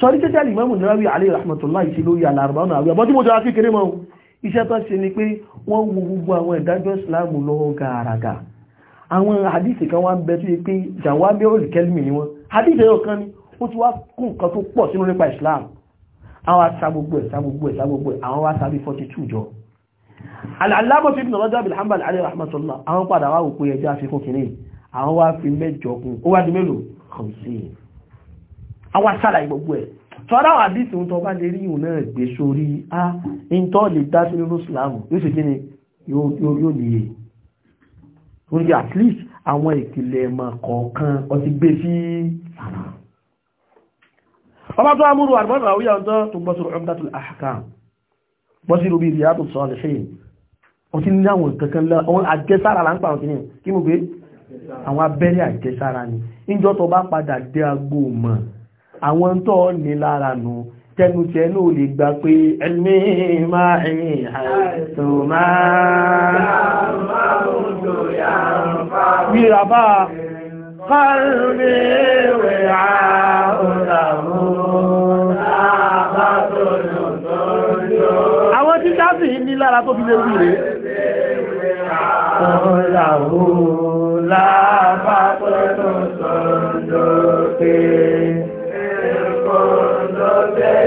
sọrí tẹ́tẹ́ alìmọ́mù náwí alẹ́ rahmatullahi sí lórí àbáwọn iṣẹ́ tó ṣe ni pé wọ́n wo gbogbo àwọn ìdájọ́ ìsìláàmù lọ́wọ́ gàràgà àwọn hadith kan wá ń bẹ tó yẹ pé jàwà mẹ́rọ̀lì kẹlìmì ni wọ́n hadith ẹ̀yọ kan ni ó ti wá kún nǹkan tó pọ̀ sínú nípa Islam àwọn aṣàgbogbo ẹ̀ṣàgbogbo ẹ̀ṣàgbogbo àwọn wá sábí 42 jọ aláàbọ̀ fi bìnà lọ́jọ́ bilhambal alẹ́ rahmatullah àwọn padà wá òpó ẹjọ́ àfikún kìíní àwọn wá fi mẹ́jọ kún ó wá di mélòó kàn sí i àwọn aṣàlà ìgbogbo ẹ̀ tọ́lá wà bí tòun tọ́ bá lè rí ìhùn náà gbé sórí a ń tọ́ lè dá sí nínú Islam yóò ṣe kí ni yóò orí at least àwọn ìpìlẹ̀ ẹ̀mọ̀ kọ̀ọ̀kan ọtí gbé sí ọba tó amúrù àgbọ́nà àwúyà ọjọ́ tó gbọ́ sọ̀rọ̀ Umdatul Ahkam bọ́ sí rúbí ìyá tó sọ ọ̀lẹ́ṣẹ́ ọtí ní àwọn kankan lọ àwọn àjẹsára là ń pa ọ̀tí ní kí mo gbé àwọn abẹ́rẹ́ àjẹsára ni níjọ́ tó bá padà dé agbó mọ̀ àwọn tó ní lára nù tẹnutẹ náà lè gbà pé ẹ̀mí máa ẹ̀yìn àìsàn máa wíra bá kọ́lùmí ìwé àwọn tí dábì ní lára tó fi lè wí rẹ̀ Ọ̀làwò láàbá pẹ̀lú sọ́jọ́ pé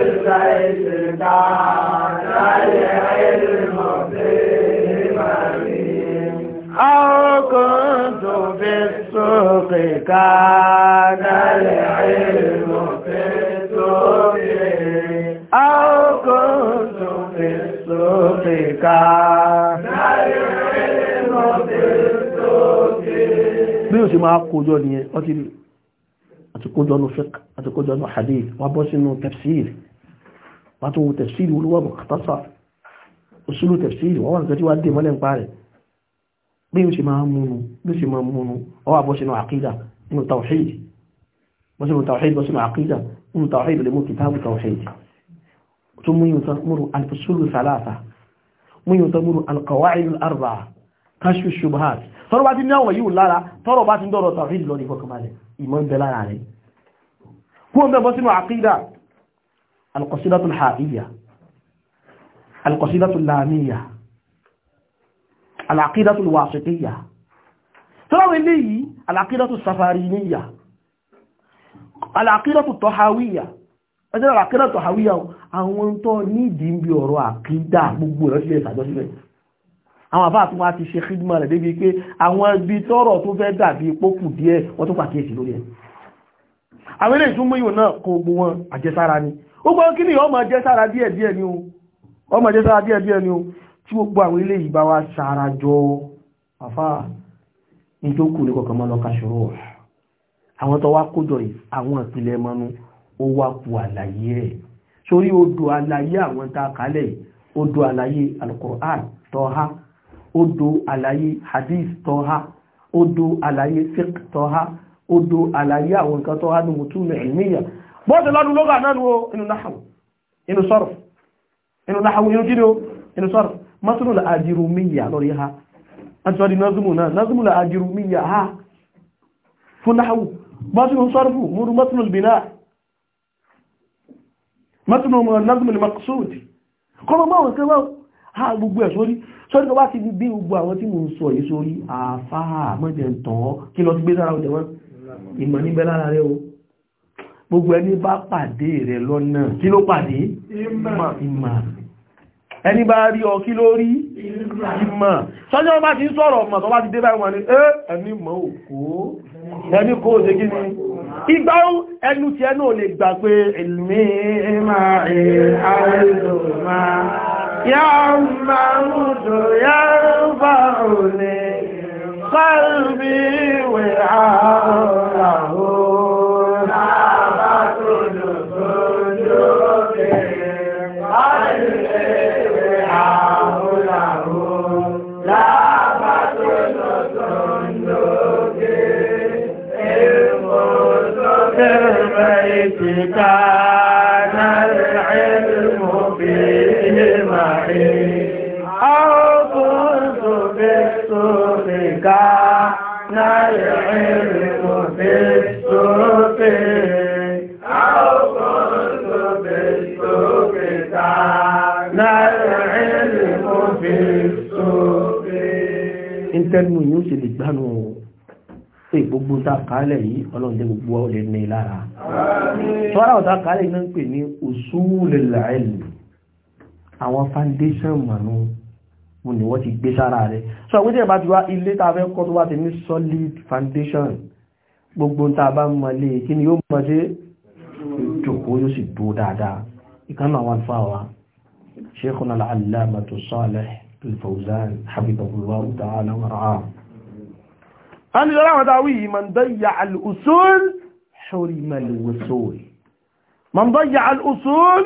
ليس بعد العلم أو كنت في السوق كان العلم في السوق أو كنت في السوق كان العلم في السوق bí o ṣe máa kójọ nìyẹn ọtí àti kójọ nù fiqh àti kójọ nù hadith wà bọ́ sínú tafsir wọ́n tó tẹ̀síìlì olúwọ́ mọ̀kátásà òṣìlú tẹ̀síìlì wọ́n wà nǹkan tí wá dé mọ́lẹ̀ ń pa rẹ̀ bí ó sì máa múnu bí ó sì máa múnu ọwọ́ àbọ́ sínú àkídà nínú tawhid bọ́ sínú tawhid bọ́ sínú àkídà nínú tawhid lè mú kìtàbù tawhid tó mú yóò tàmúrù alfusulu salasa mú yóò tàmúrù alqawaidu arba'a kashfu shubhat tọ́rọ bá القصيدة الحائية القصيدة اللامية العقيدة الواسطية ترى اللي العقيدة السفارينية العقيدة الطحاوية ẹjọ́ العقيدة الطحاوية àwọn tó nídìí bí ọ̀rọ̀ àkídà gbogbo rẹ̀ sílẹ̀ ìsàjọ́sílẹ̀ àwọn àbá àtúnwà ti ṣe ṣídìmọ̀ rẹ̀ débi pé àwọn ibi tọ́rọ̀ tó fẹ́ dàbí pókù díẹ̀ wọ́n tó pàkíyèsí lórí gbogbo kí ni ọmọ jẹ́ sára díẹ̀ díẹ̀ ni o ọmọ jẹ́ sára díẹ̀ ni o tí gbogbo àwọn ilé yìí bá wá sára jọ àfá ní tó kù ní kọ̀kan mọ́ lọ́ka ṣòro àwọn tó wá kójọ yìí àwọn ìpìlẹ̀ mọ́nú ó wá ku àlàyé rẹ̀ sórí odò àlàyé àwọn tá a odò àlàyé alukur'an tọ́ha odò àlàyé hadith tọ́ha odò àlàyé fiqh tọ́ha odò àlàyé àwọn nǹkan tọ́ha ní mùtúmẹ̀ ìmíyà bọ́ọ̀sẹ̀ lọ́dún lọ́gbà náà ní inú náhàwù inú sọ́rọ̀ inú náhàwù inú kíni o inú sọ́rọ̀ masunu la ajiru miya lórí ha a ti sọ́dí nazumu náà nazumu la ajiru miya ha fún náhàwù masunu sọ́rọ̀fù múrú masunu bina masunu nazumu ni makasudi kọmọ mọ́ wọn kẹwàá ha gbogbo ẹ̀ sórí sórí kọwàá ti gbé gbogbo àwọn tí mo ń sọ yìí sórí àfáà mọ́jẹ̀ ìmọ̀ níbẹ̀ lára rẹ̀ o gbogbo ẹni bá pàdé rẹ lọ́nà kí ló pàdé ìmọ̀ ẹni bá rí ọ kí ló rí ìmọ̀ sọ́jọ́ bá ti ń sọ̀rọ̀ ọmọ tó bá ti dé báyìí wọn ni ẹni kó ṣe kí ni ìgbà ẹnu ti ẹnu ò lè gbà pé ilmi ìmọ̀ ìhàlùmá yá máa ń dò yá bá àwọn àwọn كان العلم فيه معي أو كنت بالسوق كان العلم في السوق أو كنت بالسوق كان العلم في السوق انت المنيوس اللي بانوا pé gbogbo ta kálẹ̀ yìí ọlọ́dẹ gbogbo ọlẹ́ ní lára tọ́ra ọ̀ta kálẹ̀ iná ń pè ní usulul ilm àwọn foundation mọ̀nú mo ní wọ́n ti gbé sára rẹ̀ so àwọn tí ẹ̀ bá ti wá ilé ta fẹ́ kọ́ solid foundation gbogbo ta bá mọ̀ lé kí ni yóò mọ̀ sí ìjòkó yóò sì dúró dáadáa ìkànnì al-Allamah habibullah ta'ala wa ra'ah a ní lọ́rọ̀ àwọn tàwí yìí man dayya al-usul hurima al-wusul man dayya al-usul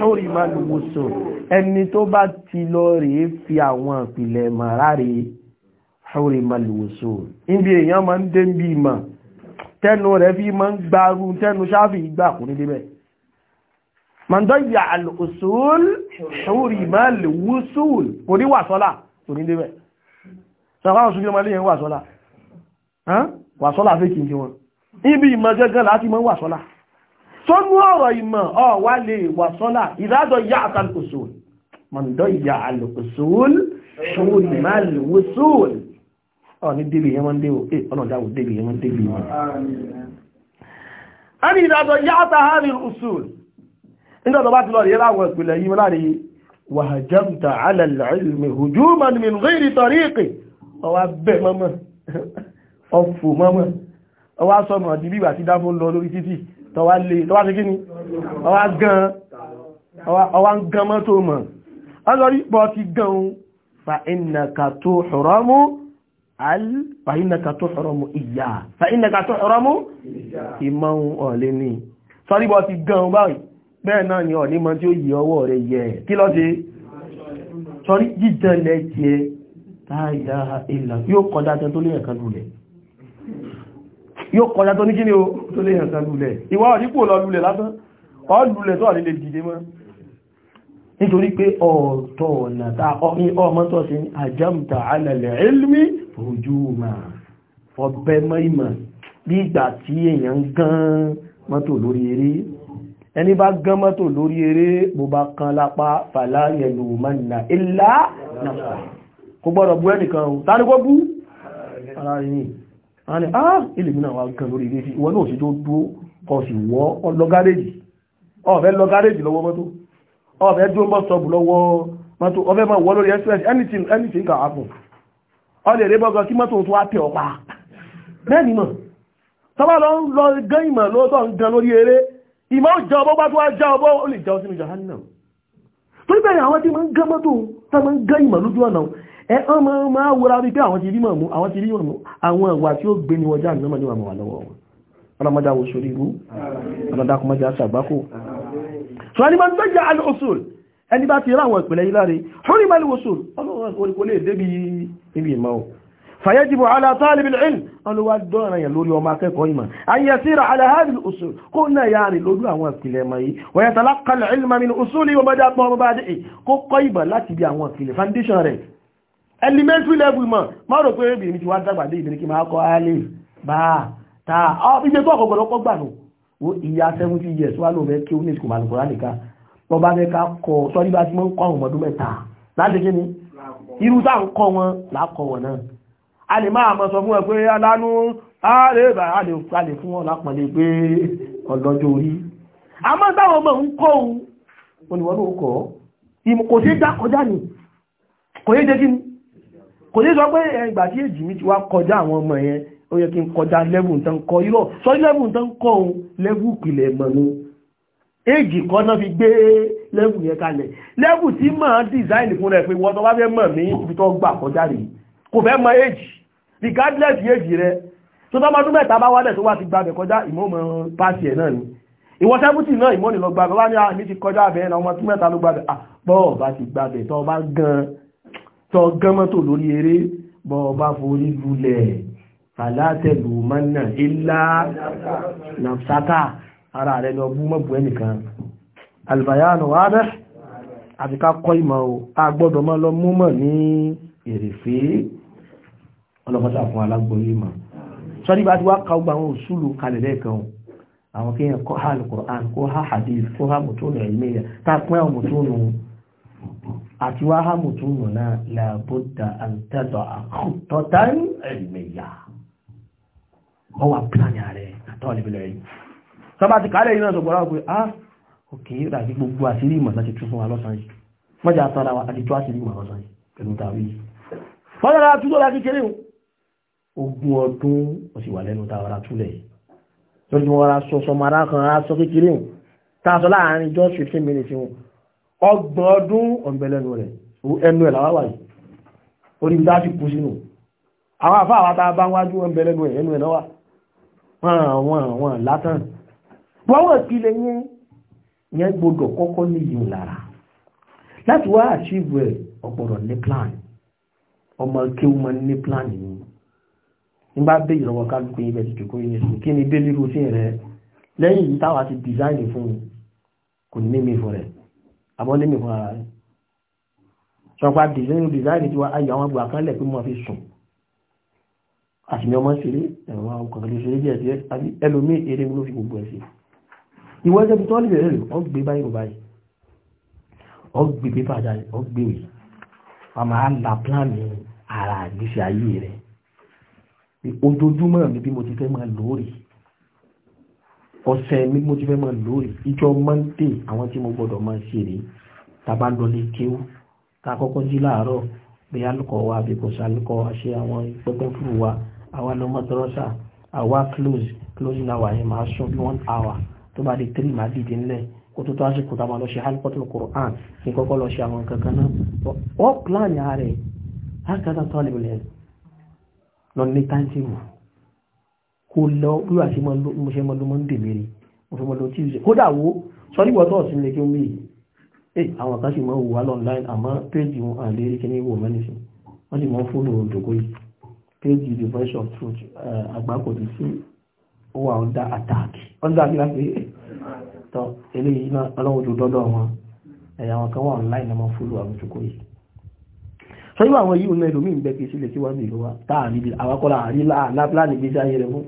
hurima al-wusul ẹni tó bá ti lọ rèé fi àwọn ìpìlẹ̀ màráre hurima al-wusul níbi èèyàn máa ń dé bí ìmọ̀ tẹnu rẹ̀ fi máa ń gbaru tẹnu ṣáfì ìgbà kò ọmọ ilé wà sọ́lá wàsọ́là fẹ́ kìí wọn ibi ìmọ̀ gẹ́gẹ́ láti mọ́ wàsọ́là tó mú ọ̀rọ̀ ìmọ̀ ọ wá lè wàsọ́là ìdájọ́ yá àtàlùkùsùl mọ̀ndọ́ ìyá àlùkùsùl ṣòwòl ìmáàlùwùsùl ọ̀ ní débi yẹn wọ́n dé o eh ọ̀nà ìdáwò débi yẹn wọ́n débi wọn. a ní ìdájọ́ yá àtàlù usul nígbà tó bá ti lọ rí láwọn ìpìlẹ̀ mọ́mọ́ ọfò mọ́mọ́ ọwá sọmọ̀ di bígbà tí dáfó lọ lórí títì tọwá lè lọ́wá sí kíní ọwá gan ọwá gan mọ́ tó mọ̀ ọlọ́rí pọ̀ ti gan fa innaka tuhramu al fa innaka tuhramu ìyá fa innaka tuhramu ìmọ̀ ọ̀lẹ́ ni sọ́rí pọ̀ ti gan báyìí bẹ́ẹ̀ náà ni ọ̀ní mọ́ tí ó yí ọwọ́ rẹ̀ yẹ kí lọ́ ti sọ́rí jíjẹ́ lẹ́ táyà ìlà yóò kọjá tẹ́ tó lé ẹ̀kan lulẹ̀ yóò kọjá tó ní kí ni o tó lè yànsán lulẹ̀ ìwà ọ̀dípò lọ lulẹ̀ lásán ọ̀lulẹ̀ tó àlè lè dìde mọ́ nítorí pé ọ̀tọ̀ ọ̀nà tá ọmọ àjámta alẹ́lẹ̀ ilmi ojú ma fọ́bẹ́ mọ́ ìmọ̀ bí ìgbà tí èèyàn gan mọ́tò lórí eré ẹni bá gán mọ́tò lórí eré bó bá ara rẹ̀ àwọn ah ilé mi náà wà gan lórí ilé tí ìwọ náà sì tó dúó kọ sí wọ́ ọlọ́gáréjì ọ̀fẹ́ lọ́gáréjì lọ́wọ́ mọ́tò ọ̀fẹ́ dúó mọ́sọ̀bù lọ́wọ́ mọ́tò ọ̀fẹ́ máa wọ́ lórí express anything anything can happen ọlẹ̀ rẹ bọ́gọ́ kí mọ́tò tó wá tẹ̀ ọ̀pá bẹ́ẹ̀ni mọ̀ tọ́bá lọ ń lọ gán ìmọ̀ lóòótọ́ ń gan lórí eré ìmọ̀ jẹ ọbọ́ bá tó wá já ọbọ́ ó lè já ọ sínú jahannam torí bẹ́ẹ̀ àwọn tí wọ́n ń gán mọ́tò tó máa ń gán ìmọ̀ lójú ọ̀nà ẹ̀hàn máa máa wúra bí pé àwọn ti rí mọ̀mú àwọn ti rí mọ̀mú àwọn ìwà tí ó gbé ní ọjà náà ní wàmọ̀wà lọ́wọ́ wọn ọlọ́mọdá wo sórí ibú ọlọ́dákùnmọ́já sàgbákò so ẹni bá ń tẹ́jà alóòsùl ẹni bá ti ráwọn ìpìlẹ̀ yìí láre ṣórí bá lóòsùl ọlọ́run kò lè débi ibi ìmọ̀ o fàyẹ́jìbò alátàlìbìl ìlú ọlọ́wà dọ́ra yẹn lórí ọmọ akẹ́kọ̀ọ́ ìmọ̀ ayé síra aláhàbìl òṣùl kó náà yà rìn lórí àwọn ìpìlẹ̀ ẹ̀mọ̀ yìí wọ́n yẹ tàlákàlẹ̀ elementary level mọ̀ má rò pé èbì mi ti wá dàgbà dé ìbìnrin kí máa kọ́ alẹ́ bá ta ìgbé tó ọ̀pọ̀lọpọ̀ gbà nù ìyá 70 years wà ló fẹ́ kí ó ní ìsìnkú màlùkù ránìká tó bá fẹ́ ká kọ sọ́rí bá ti mọ́ ń kọ́ àwọn ọdún mẹ́ta láti kí ni irú tá ń kọ́ wọn lákọ̀ wọn náà a lè máa mọ̀ sọ fún ẹ pé alánú àrẹ́bà a lè fún wọn lápọ̀lẹ̀ pé ọlọ́jọ́ orí àmọ́ táwọn ọmọ ń kọ́ òun òníwọ́n ló kọ́ kò sí dá ni kò yé jẹ́ kí ni kò ní sọ pé eh, ìgbà tí èjì mi ti wá kọjá àwọn ọmọ yẹn ó yẹ kí n kọjá lẹ́bùn tán kọ irọ́ sọ lẹ́bùn tán kọ òun lẹ́bùn ìpìlẹ̀ mọ̀nú èjì kọ́ náà fi gbé lẹ́bùn yẹn kalẹ̀ lẹ́bùn tí máa dìzáìnì fún rẹ̀ pé wọ́n tó bá fẹ́ mọ̀ mí ibi tó gbà kọjá rèé kò fẹ́ mọ èjì regardless èjì rẹ̀ tó tọ́ ọmọdún mẹ́ta bá wálẹ̀ tó wá ti gbàbẹ̀ kọjá ìmọ̀ọ́mọ̀ pàṣẹ ẹ̀ náà ni ìwọ sẹ́fútì náà ìmọ̀ọ́nì lọ gbàbẹ̀ wá ní àmì ah, ti kọjá abẹ́ ẹ̀nà ọmọ tún mẹ́ta ló gbàbẹ̀ àpọ̀ ah, bá ti gbàbẹ̀ tọ́ bá gan-an tọ́ gánmọ́tò lórí eré bọ́ ọba forí lulẹ̀ fàlátẹ̀lù mọ́nà ilá nàfṣátà ara rẹ̀ lọ bú mọ́bù ẹnìkan albayanu wádẹ́ àti ká kọ́ ìmọ̀ o a gbọ́dọ̀ mọ́ lọ múmọ̀ ní èrèfé ọlọ́pàá fún alágbóyè mọ̀ sọ́rí bá ti wá ka ọgbà àwọn òṣùlù kalẹ̀ lẹ́ẹ̀kan àti wá hàmùtúnù náà làbúdà àǹtẹ̀dọ̀ àkọ́tọ̀tà ẹ̀mẹ̀yà wọ́n wà pílánì ààrẹ àtọ́ níbílẹ̀ yìí sọba ti kàálẹ̀ yìí náà sọ̀gbọ́n ráwọ̀ pé á òkè ràbí gbogbo àṣírí ìmọ̀ láti tún fún wa lọ́sàn yìí mọ́jà àtọ́ra wa àdìtú àṣírí ìmọ̀ lọ́sàn yìí pẹ̀lú tàwí yìí wọ́n lára túnlọ́ láti kéré ogún ọdún òsì wà lẹ́nu tàwárá túlẹ̀ lójú wọn ra sọ sọmọ arákan ra sọ kékeré ta sọ láàárín just fifteen minutes wọn ọgbọ̀n ọdún ọ̀nbẹ̀lẹ́nu rẹ̀ ẹnu ẹ̀ làwáwà yìí orí bí dájú kú sínú àwọn àfáà wá tàbá wájú ọ̀nbẹ̀lẹ́nu ẹ̀ ẹnu ẹ̀ náwà wọ́n wọ́n látàn wọ́wọ́ ìpìlẹ̀ yẹn yẹn gbọdọ̀ kọ́kọ́ plan ọmọ kéwù mọ́ ní plan yìí ní bá bẹ́ ìrọ̀wọ́ kálukú yìí bẹ̀rẹ̀ jòkó yìí sùn kí ni lẹ́yìn yìí táwa ti design fún kò ní mi fún rẹ̀ àbọ́ lé mi fún ara rẹ̀ sọpá dìsáìnì dìsáìnì tí wọ́n ayé àwọn àgbà kan lẹ̀ pé mo fi sùn àṣìmí ọmọ ṣeré ẹ̀rọ ọkàn lè ṣeré díẹ̀ díẹ̀ àbí ẹlòmí eré ló fi gbogbo ẹ̀ sí ìwọ́n jẹ́bi tó lè rẹ̀ ọ́ gbé báyìí rò báyìí ọ́ gbé pépà jáde ọ́ gbé wì wà máa la pláàni ara ìgbésí ayé rẹ̀ ojoojúmọ́ mi bí mo ti fẹ́ máa lò ó rèé ọ̀sẹ̀ mi mo ti fẹ́ máa lórí ìjọ monday àwọn tí mo gbọ́dọ̀ máa ṣe rèé tàbá lọ lè kéwú ká kọ́kọ́ jí láàárọ̀ bí alukọ̀ wa àbí kò sálukọ̀ wa àwọn pẹpẹ fúru wa àwa lọ mọ́tọ́rọ́sà àwa close close náà wà yẹn máa sùn bí one hour tó bá di three máa dìde ńlẹ̀ kó tó tó àsìkò tá a máa lọ ṣe alukọ̀tò Quran kí kọ́kọ́ lọ ṣe àwọn kankan náà wọ́n plan yàrá rẹ̀ á kàtà tó àlè lọ ní táǹtì kò lọ bí wà sí mo ṣe mọ́ ló mọ́ ń dèmí rí mo fẹ́ mọ́ lọ tí ìṣẹ́ kódà wo sọ nígbà tó ọ̀sìn lè kí ó eh, àwọn kan sì mọ́ wò wá àmọ́ péjì wọn àlè rí kíní wò mẹ́ni wọ́n sì mọ́ fóònù òdògó yìí péjì the voice of truth eh, àgbákò tí sí wà under attack under attack pé tọ eléyìí náà ọlọ́run tó dọ́dọ̀ wọn ẹ̀yà eh, àwọn kan wà online náà mọ́ fóònù àwọn òdògó yìí sọ nígbà àwọn yìí ò ń bẹ kí sílẹ̀ kí ìlú wa táà níbi àwákọ́lá àrí láàlá pláàni gbèsè ayé rẹ̀ fún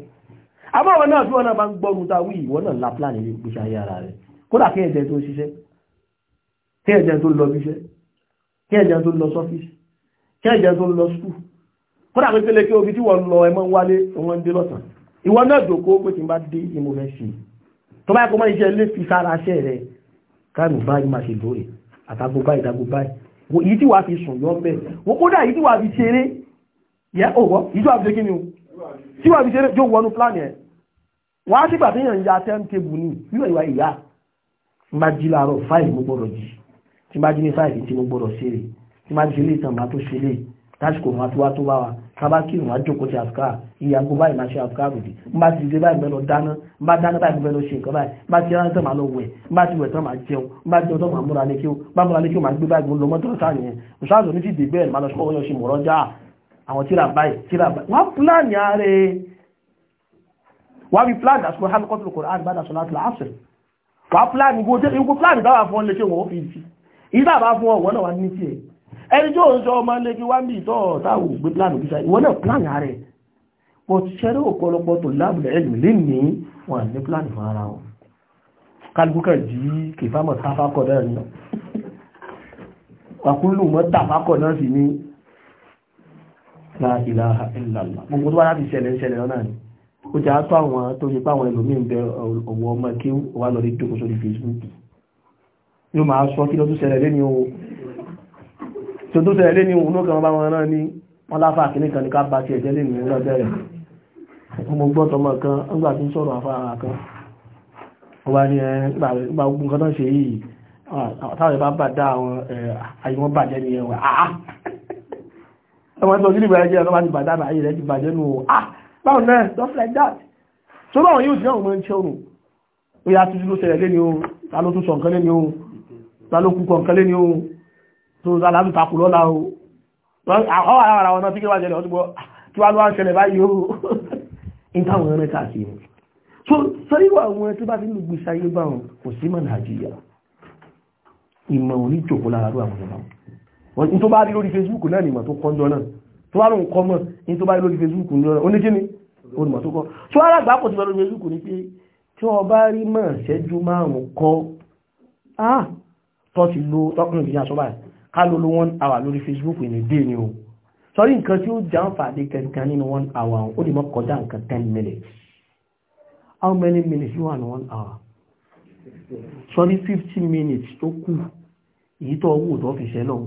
àmọ́ wọn náà tí wọn náà bá ń gbọ́rù ta wí ìwọ náà lápá ní ìgbésí ayé ara rẹ̀ kódà kí ẹ̀jẹ̀ tó ṣiṣẹ́ kí ẹ̀jẹ̀ tó lọ bíṣẹ́ kí ẹ̀jẹ̀ tó lọ sọ́fíìsì kí ẹ̀jẹ̀ tó lọ skul kódà pé pélé kí obi tí wọ́n lọ ẹmọ́ wálé wọn dé lọ́sàn ìwọ náà jòkó pé tí n bá dé ni mo fẹ́ ṣe tó báyìí kó mọ́ iṣẹ́ ilé fi sára ṣẹ́ rẹ̀ káàmù báyìí máa ṣe lóore àtàgbò báyìí ìdàgbò báyìí èyí tí wàá fi sùn yọ bẹ́ẹ̀ wọ́n kódà èyí tí wàá fi ṣeré yẹ òwò èyí o tí wàá fi ṣeré jó wọnú pláàni ẹ̀ wọ́n á sígbà téèyàn ń ya ten table ní yóò ìwà ìyá má jí láàárọ̀ fáìlì mo gbọ́dọ̀ jí tí má jí ní fáìlì tí mo gbọ́dọ̀ ṣeré tí má ṣe lè tàn má tó ṣe lè lásìkò wọn tó wá tó bá wa kábà kí wọn jókòó ti àfikà ìyàgò báyìí máa ṣe àfikà rèé n bá ti dé báyìí bẹ́ẹ̀ lọ dáná n bá dáná báyìí bẹ́ẹ̀ lọ ṣe nǹkan báyìí n bá ti ránṣẹ́ máa lọ wẹ̀ n bá ti wẹ̀ tán máa jẹun n bá jẹun tán máa múra lékè o bá múra lékè máa gbé báyìí mo lọ mọ́tò sáà yẹn òṣàlù ti dè bẹ́ẹ̀ máa lọ sọ́kọ́ yọ ṣe mọ̀rọ́ àwọn tíra báyìí tíra báyìí wọ́n pílánì ààrẹ wàá rí plan àsìkò halqatul Qur'an ba'da salatul asr wàá plan ìgbò plan dáwà fún lè ṣe wọ́n fi ìsì ìdá bá fún ọ̀wọ́ náà wà ní tiẹ̀ ẹni tí ó ń sọ ọmọ lẹ́gbẹ́ wá ń bí ìtọ́ táwò gbé plan òkúta ìwọ náà plan rẹ̀ pọ̀ ti ṣẹ́rẹ́ ọ̀pọ̀lọpọ̀ tó lábùlẹ̀ ẹ̀lù lè ní wọn ní plan fún ara wọn kálukúkà jí kìfámọ̀ táfákọ̀ náà ní wàkúlù mọ́ táfákọ̀ náà sì ní la ilaha illallah gbogbo tó wá láti ṣẹlẹ̀ ṣẹlẹ̀ náà ni ó jà á tó àwọn tó ṣe páwọn ẹlòmíì ń bẹ ọ̀wọ́ ọmọ kí wà lọ rí jókòó sórí Facebook yóò máa sọ kí lọ́tún ṣẹlẹ̀ lẹ́ni ohun tó tó ṣẹlẹ̀ lẹ́ni ohun lókè wọn bá wọn náà ní wọn láfà kìíní kan ní ká bá ti ẹ̀jẹ̀ lẹ́nu ìrìnà bẹ̀rẹ̀ mo gbọ́ tọmọ kan ńgbà tí ń sọ̀rọ̀ afárá kan wọ́n bá ní ẹ nígbà ogun kan náà ṣe yìí táwọn ìbá bà dá àwọn ayé wọn bàjẹ́ ní ẹwà ah ẹwọ́n tó ní ìbàjẹ́ ọlọ́wà ti bàdá àbáyé rẹ̀ ti bàjẹ́ nù ah báwọn náà just like that so báwọn yóò jẹ́ ọmọ iṣẹ́ òun ó yá tuntun ló ṣẹlẹ̀ lẹ́ni o ta ló tún sọ nǹkan lẹ́ni o ta ló kú kọ̀ọ̀kan lẹ́ni o tó aláàbùtakù lọ́la o àwọn ara wọn náà tí kí wá jẹlẹ̀ ọdúnbọ̀ kí wá ló wá ń ṣẹlẹ̀ báyìí o in táwọn ẹran káàkiri so sọ́rí wà àwọn tí bá ti ń gbèsè ayé bá wọn kò sí mọ̀ nàìjíríà ìmọ̀ oníjòkó lára rú àwọn ìjọba wọn tó bá rí lórí Facebook náà ni ìmọ̀ tó kọ́ńjọ náà tó wá lóun kọ́ mọ̀ ní tó bá lórí Facebook ní ọ̀rọ̀ oníkíní olùmọ̀ tó kọ́ tó wá lágbàá kò ti lọ lórí Facebook ní pé tí wọ́n bá rí mọ̀ ṣẹ́jú márùn-ún kọ́ ah tó ti lo tọkùnrin ìyá sọ́bà ká ló lo one hour lórí Facebook ní dé ni o sọrí nǹkan tí ó jàǹfààní kankan nínú one hour ó lè mọ́ kọjá nǹkan ten minutes how many minutes you want one hour sọrí fifty minutes tó kù èyí tó owó tó fi ṣẹlọ́wọ́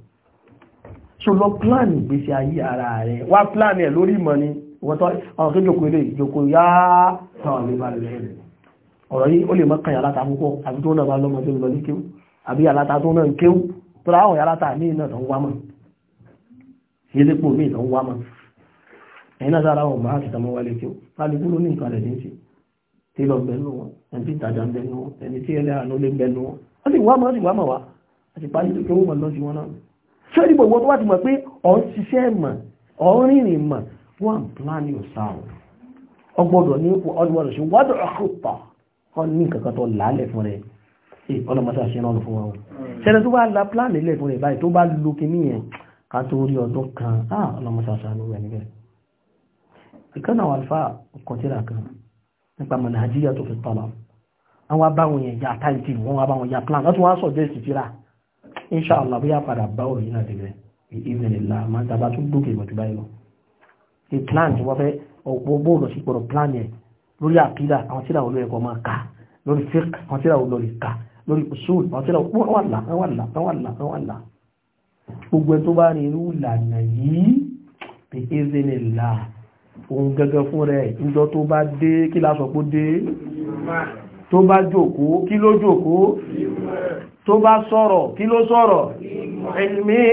so lọ plan ìgbésí ayé ara rẹ̀ wá plan ẹ̀ lori ìmọ̀ ni wọ́tọ́ àwọn tó jòkó ilé ìjòkó yá tàwọn lè bá rẹ̀ ọ̀rọ̀ yìí ó lè mọ́ kan yàrátà púpọ̀ àbí tó náà bá lọ́mọ lọ ní kéwú àbí yàrátà tó náà ń tó ráwọ̀ yàrátà ní iná tó ń wá mọ̀ yélépo mi tó ń wá mọ̀ ẹ̀yìn náà sára wọn máa ti tàmọ́ wálé kéwú kálukú ló ní nǹkan rẹ̀ ní ti tí lọ bẹnu wọn ẹni tí ìtajà bẹnu wọn ẹni tí ẹlẹ́ra ló lé bẹnu wọn wọ́n sì wá mọ̀ wá àti pàṣẹ kéwú mọ̀ lọ wọn náà sórí gbogbo tó wá ti mọ̀ pé ọ̀ ń ṣiṣẹ́ mọ̀ ọ̀ ń rìnrìn mọ̀ wọ́n ń plan yourself ọgbọ́dọ̀ ní ọdúnwọ́dọ̀ ṣe wádọ̀ ọkùtà ọ ní kankan tó lálẹ̀ fún rẹ̀ ọlọ́mọta ṣe rán fún wọn mm. ṣẹlẹ̀ tó bá la plan ilẹ̀ fún rẹ̀ báyìí tó bá lo kí níyẹn ká tó rí ọdún kan ọlọ́mọta ṣàánú rẹ̀ níbẹ̀ ìkan àwọn alfa kọtíra kan nípa mọ̀nà àjíyà tó fi tọ́lọ àwọn abáwọn yẹn ya táìtì wọn abáwọn ya plan lọ́tún wọn sọ jẹ́ ìsìtìra inṣàlá bóyá padà bá ọ̀rọ̀ yìí náà débẹ̀ ìbẹ̀rẹ̀lá máa tàbá tún gbókè ìmọ̀tí báyìí lọ ní plan tí wọ́n fẹ́ ọ̀pọ̀ bóòlù sí pọ̀rọ̀ plan yẹn lórí àkídà àwọn tíra olóyè kan máa kà lórí fake àwọn tíra olóyè kà lórí usul àwọn tíra wà là wà là wà là wà là gbogbo ẹ̀ tó bá rí irú ìlànà yìí bí ìbẹ̀rẹ̀lá òun gẹ́gẹ́ fún rẹ̀ ìjọ tó bá dé kí lásọ̀ pó dé tó bá jókòó kí ló jókòó tó bá sọ̀rọ̀ kí ló sọ̀rọ̀ ilmi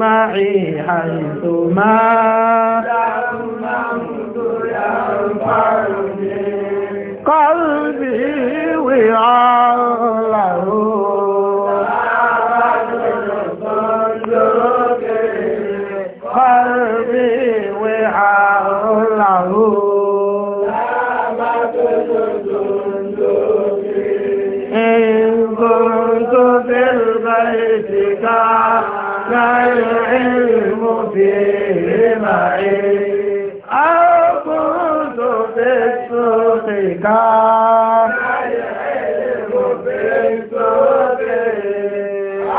ma'i haythu ma qalbi wira lahu qalbi wira lahu لا العلم فيه معي أقود بالسوق كان لا العلم بالسوق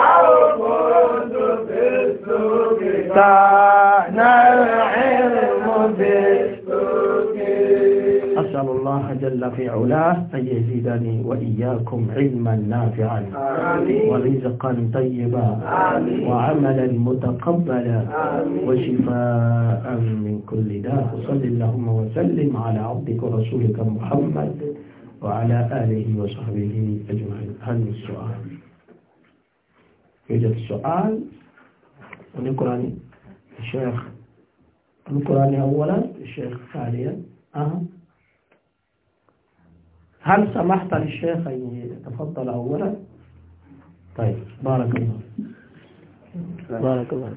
أقود بالسوق كان جل في علاه أن يزيدني وإياكم علما نافعا آمين. ورزقا طيبا آمين. وعملا متقبلا آمين. وشفاء من كل داء صل اللهم وسلم على عبدك ورسولك محمد وعلى آله وصحبه أجمعين هل السؤال يوجد السؤال ونقرأني الشيخ القرآن أولا الشيخ ثانيا أه هل سمحت للشيخ أن يتفضل أولا طيب بارك الله بارك الله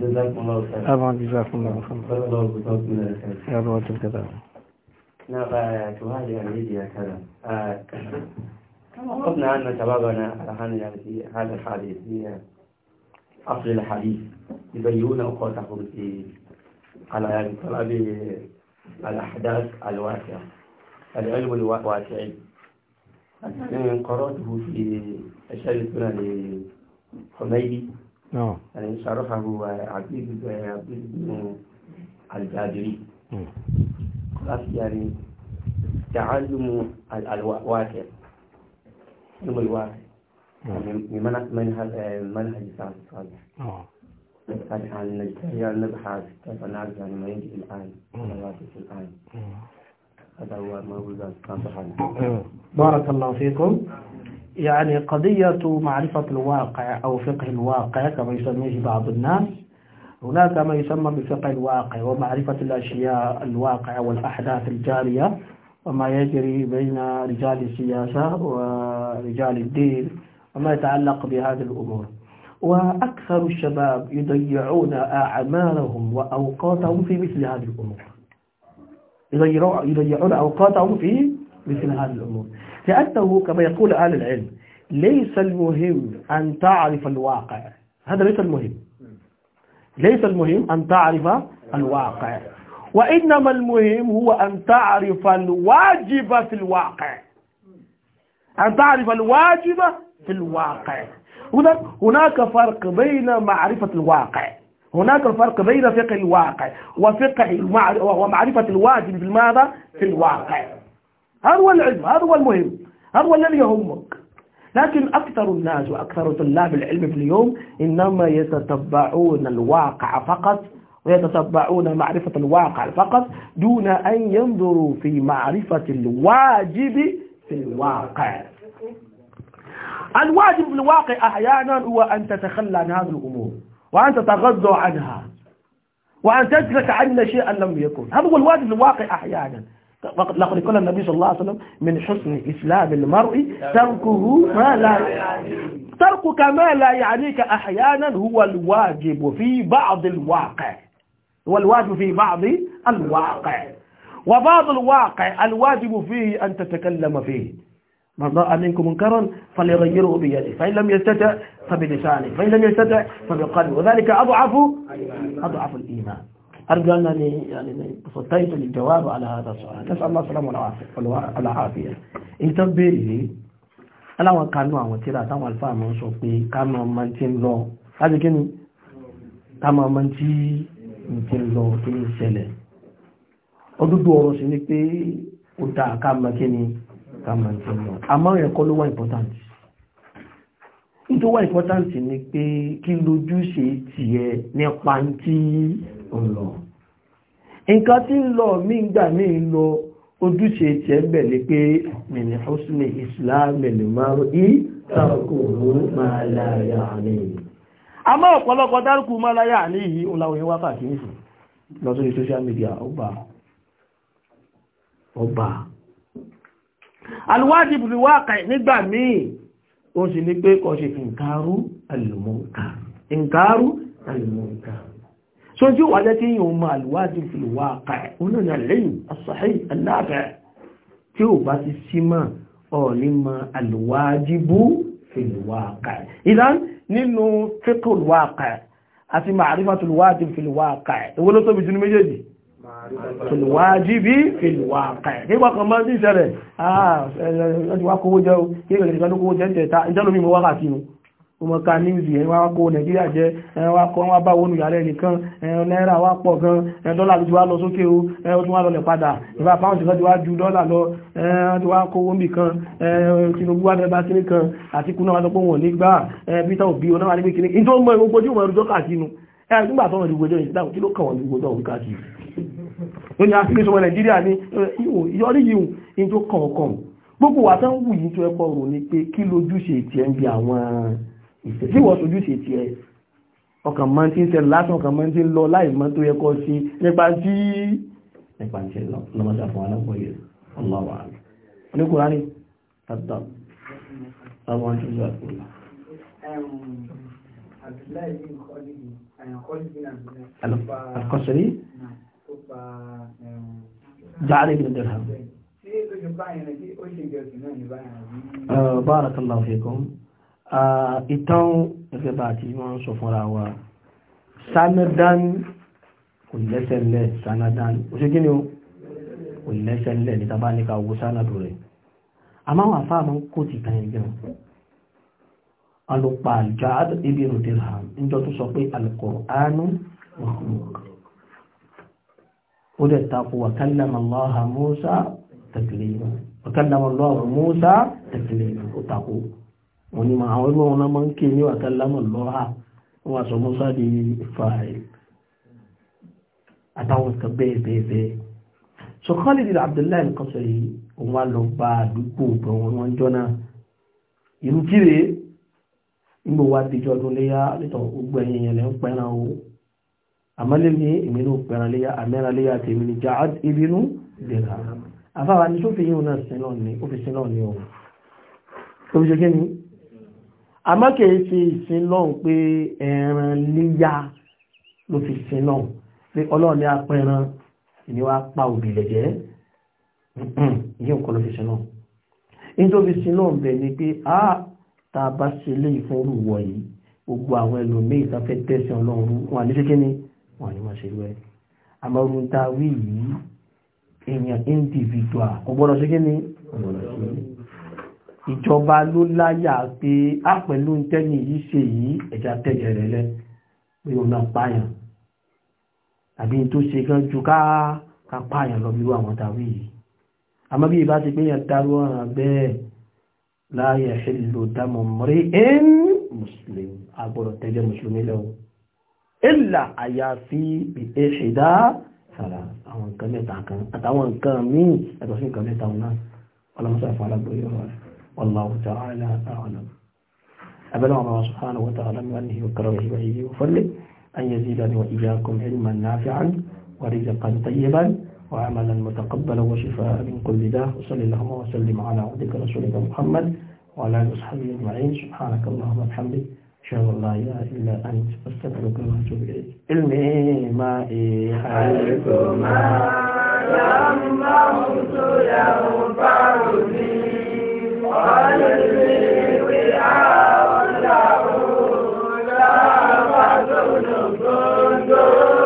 جزاكم الله خير طبعا جزاكم الله خير جزاكم الله خير يا رب الكتاب نعم الميديا آه، كذا آه، كما عرفنا أن شبابنا الآن في هذا الحديث هي أصل الحديث يبينون أوقاتهم في على يعني طلب الأحداث الواقعة العلم الواسع من قراته في أشار السنة لحميدي نعم. يعني شرحه عبيد عبيد بن الجابري نعم. خلاص يعني تعلم الواسع علم الواسع نعم. يعني من منهج منهج سعد الصالح هذا عن نبحث كيف نعرف يعني ما يجي الآن الواسع الآن هذا هو بارك الله فيكم يعني قضية معرفة الواقع أو فقه الواقع كما يسميه بعض الناس هناك ما يسمى بفقه الواقع ومعرفة الأشياء الواقع والأحداث الجارية وما يجري بين رجال السياسة ورجال الدين وما يتعلق بهذه الأمور وأكثر الشباب يضيعون أعمالهم وأوقاتهم في مثل هذه الأمور يضيعون أوقاتهم في مثل هذه الأمور لأنه كما يقول أهل العلم ليس المهم أن تعرف الواقع هذا ليس المهم ليس المهم أن تعرف الواقع وإنما المهم هو أن تعرف الواجب في الواقع أن تعرف الواجب في الواقع هناك فرق بين معرفة الواقع هناك فرق بين فقه الواقع وفقه ومعرفة الواجب في ماذا؟ في الواقع هذا هو العلم هذا هو المهم هذا هو الذي يهمك لكن أكثر الناس وأكثر طلاب العلم في اليوم إنما يتتبعون الواقع فقط ويتتبعون معرفة الواقع فقط دون أن ينظروا في معرفة الواجب في الواقع الواجب في الواقع أحيانا هو أن تتخلى عن هذه الأمور وأن تتغذوا عنها وأن تترك عنا شيئا لم يكن هذا هو الواجب الواقع أحيانا لقد قال النبي صلى الله عليه وسلم من حسن إسلام المرء تركه ما لا تركك ما لا يعنيك أحيانا هو الواجب في بعض الواقع هو الواجب في بعض الواقع وبعض الواقع الواجب فيه أن تتكلم فيه من رأى منكم منكرا فليغيره بيده فإن لم يستطع فبلسانه فإن لم يستطع فبقلبه وذلك أضعف أضعف الإيمان أرجو أنني يعني تفطيت للجواب على هذا السؤال نسأل الله السلامة والعافية ìtọ́bẹ̀rẹ̀ aláwọn kanú àwọn tíra táwọn alfáà mọ́ sọ pé kánà ma هذا ń lọ láti kí ni kánà ma ti ń lọ kí ní ṣẹlẹ̀ ọdúdú ọ̀rọ̀ sí ni pé ká máa ń tẹ́ lọ àmọ́ ẹ̀kọ́ ló wà important nítorí wà important ni pé kí lójúṣe tiẹ̀ nípa tí ó lọ nǹkan tí ń lọ mí gbà mí lọ ojúṣe tiẹ̀ bẹ̀ ni pé mẹ̀lẹ̀ husni islam mẹ̀lẹ̀ márùn ún tàkù máa ní àmọ́ ọ̀pọ̀lọpọ̀ dárúkú máa ní yìí òun wá kàkiri fún lọ sórí social media ọba ọba alwájìbù lè wá àkàì nígbà míì ó sì ní pé kọ́ ṣe ìǹkarú alìmọ̀ǹkà ìǹkarú alìmọ̀ǹkà so tí ó wà jẹ́ tí yíò mọ alwájìbù lè wá àkàì onínà lẹ́yìn asàhí aláàbẹ̀ tí ó bá ti símọ̀ ọ̀ní mọ alwájìbù fìlúwàákàì ìdán nínú fíkùlùwàákàì àti màrífàtùlùwájìbù fìlúwàákàì ìwọ́n fìlúwájíbí fìlúwákà nígbà kan máa ń ṣẹlẹ̀ ààrẹ ah, wá kówó jẹ́ kéèkèé ìjọ́ kówó jẹ́ ìjẹta ìjọ́lómi mọ́ wákàtí nù ọmọka níwìsì ẹ̀yìn wá kó nàìjíríà jẹ ẹ̀yìn wá kọ́ wá bá wọnú ìyàrá ẹnìkan ẹ̀yìn náírà wá pọ̀ gan ẹ̀yìn dọ́là ti wá lọ sókè o ẹ̀yìn tún wá lọlẹ̀ padà ìbá pound kan ti wá ju dọ́là lọ ẹ̀yìn tí wá kó wọ́nbì kan ẹ̀yìn Tinubu wá fẹ́ bá kiri kan àti kúnà wá sọ pé wọn ò ní gbà ẹ̀yìn Peter Obi ọ̀nà wà ní pé kiri nítorí mọ ìwọ́n gbójú mọ ẹrù ó ní aṣíkíṣọ́mọ̀ nàìjíríà ní ìyọrí yìí ní tó kọ̀ọ̀kan gbogbo wa tán wù yìí tó ẹ̀kọ́ rò ní pé kí lójúṣe ti ẹ̀ ń bi àwọn ìṣẹ́ tí wọ́n sojúṣe ti ẹ̀ ọkàn máa ti ń ṣẹlẹ̀ lásán ọkàn máa ti ń lọ láì mọ́ tó ẹ̀kọ́ sí nípa tí nípa ti lọ́mọdé fún alágbọ̀yẹ ọlọ́wà oníkùnrin tàbí àwọn tó yọ àkùnrin. Abdullahi bin Ja'ala ibn Dirham. Barakallahu fikum. Ìtàn ẹgbẹ́ bá ti wọ́n sọ fúnra wa. Sanadan kò lẹ́sẹ̀ lẹ̀ Sanadan. Oṣù kí ni o? Kò lẹ́sẹ̀ lẹ̀ ní tàbá ní ká wo Sanadu rẹ̀. Àmọ́ àwọn afá máa ń kó ti tàn yẹn gan. Alùpàá Ja'ala ibn Dirham. Ìjọ tó sọ pé Al-Qur'anu makhluq ó dẹ̀ takò wàkálàmàláhà Musa taklima wàkálàmàláhà Musa taklima ó takò wọn ni àwọn ẹgbẹ́ wọn náà máa ń ké ní wàkálàmàláhà wọn wá sọ Musa di fa'il àtàwọn kan bẹ́ẹ̀ bẹ́ẹ̀ bẹ́ẹ̀ so Khalid Abdullahi al-Qasri òun wá lọ gba àdúgbò bọ̀ wọn wọn jọ náà ìlú kíre nígbò wá dijọ́ ọdún léyà nítorí gbogbo ẹ̀yìn yẹn lẹ́ ń pẹ́ràn o àmọ́lé ní ìmìnú pẹ̀rànléyà àmẹ́rànléyà àti ìmìnú ja'ad ibinu dèrà afáwà ní tó fi yíò náà sílọ̀ ní ó fi sílọ̀ ní ohun tó fi ṣe kí ni a má kèé fi pé ẹ̀rànléyà ló fi sílọ̀ pé pa òbí lẹ̀jẹ́ yíò kọ́ ló fi sílọ̀ ní tó fi sílọ̀ bẹ̀ ni pé a ta bá sílé ìfún olùwọ̀ yìí wọn ni wọ́n ṣe rú ẹ̀ àmọ́rún ta wí yìí èèyàn individual kò ṣe kí ni ìjọba ló láyà pé á pẹ̀lú tẹ́ni yìí ṣe yìí ẹ̀já tẹ́jẹ̀ rẹ̀ lẹ́ pé òun náà pààyàn àbí tó ṣe gan ju ká ká pààyàn lọ bírú àwọn tàwí yìí àmọ́ bí ìbá ti gbéyàn dárú ọ̀ràn bẹ́ẹ̀ láyẹ̀ ṣe lò dámọ̀ mọ́rí ẹ́n mùsùlùmí agbọ́dọ̀ tẹ́jẹ́ mùsùlùmí lẹ́wọ̀n إلا àyàfi ìṣẹ̀dá sàrà àwọn nǹkan mẹ́ta kan àtàwọn nǹkan míì ẹ̀tọ́ sí nǹkan mẹ́ta wọn náà ọlọ́mọsá ìfọ́ alágbóyè أبلغ الله سبحانه وتعالى من أنه وكرمه وعيه وفضله أن يزيدني وإياكم علما نافعا ورزقا طيبا وعملا متقبلا وشفاء من كل داء وصلى اللهم وسلم على عبدك رسولك محمد وعلى آله وصحبه أجمعين سبحانك اللهم وبحمدك شاء الله لا إلا أنت أستغفرك وأتوب إليك علمي ما حيثما لما موت ينفع وعاء له لا كنت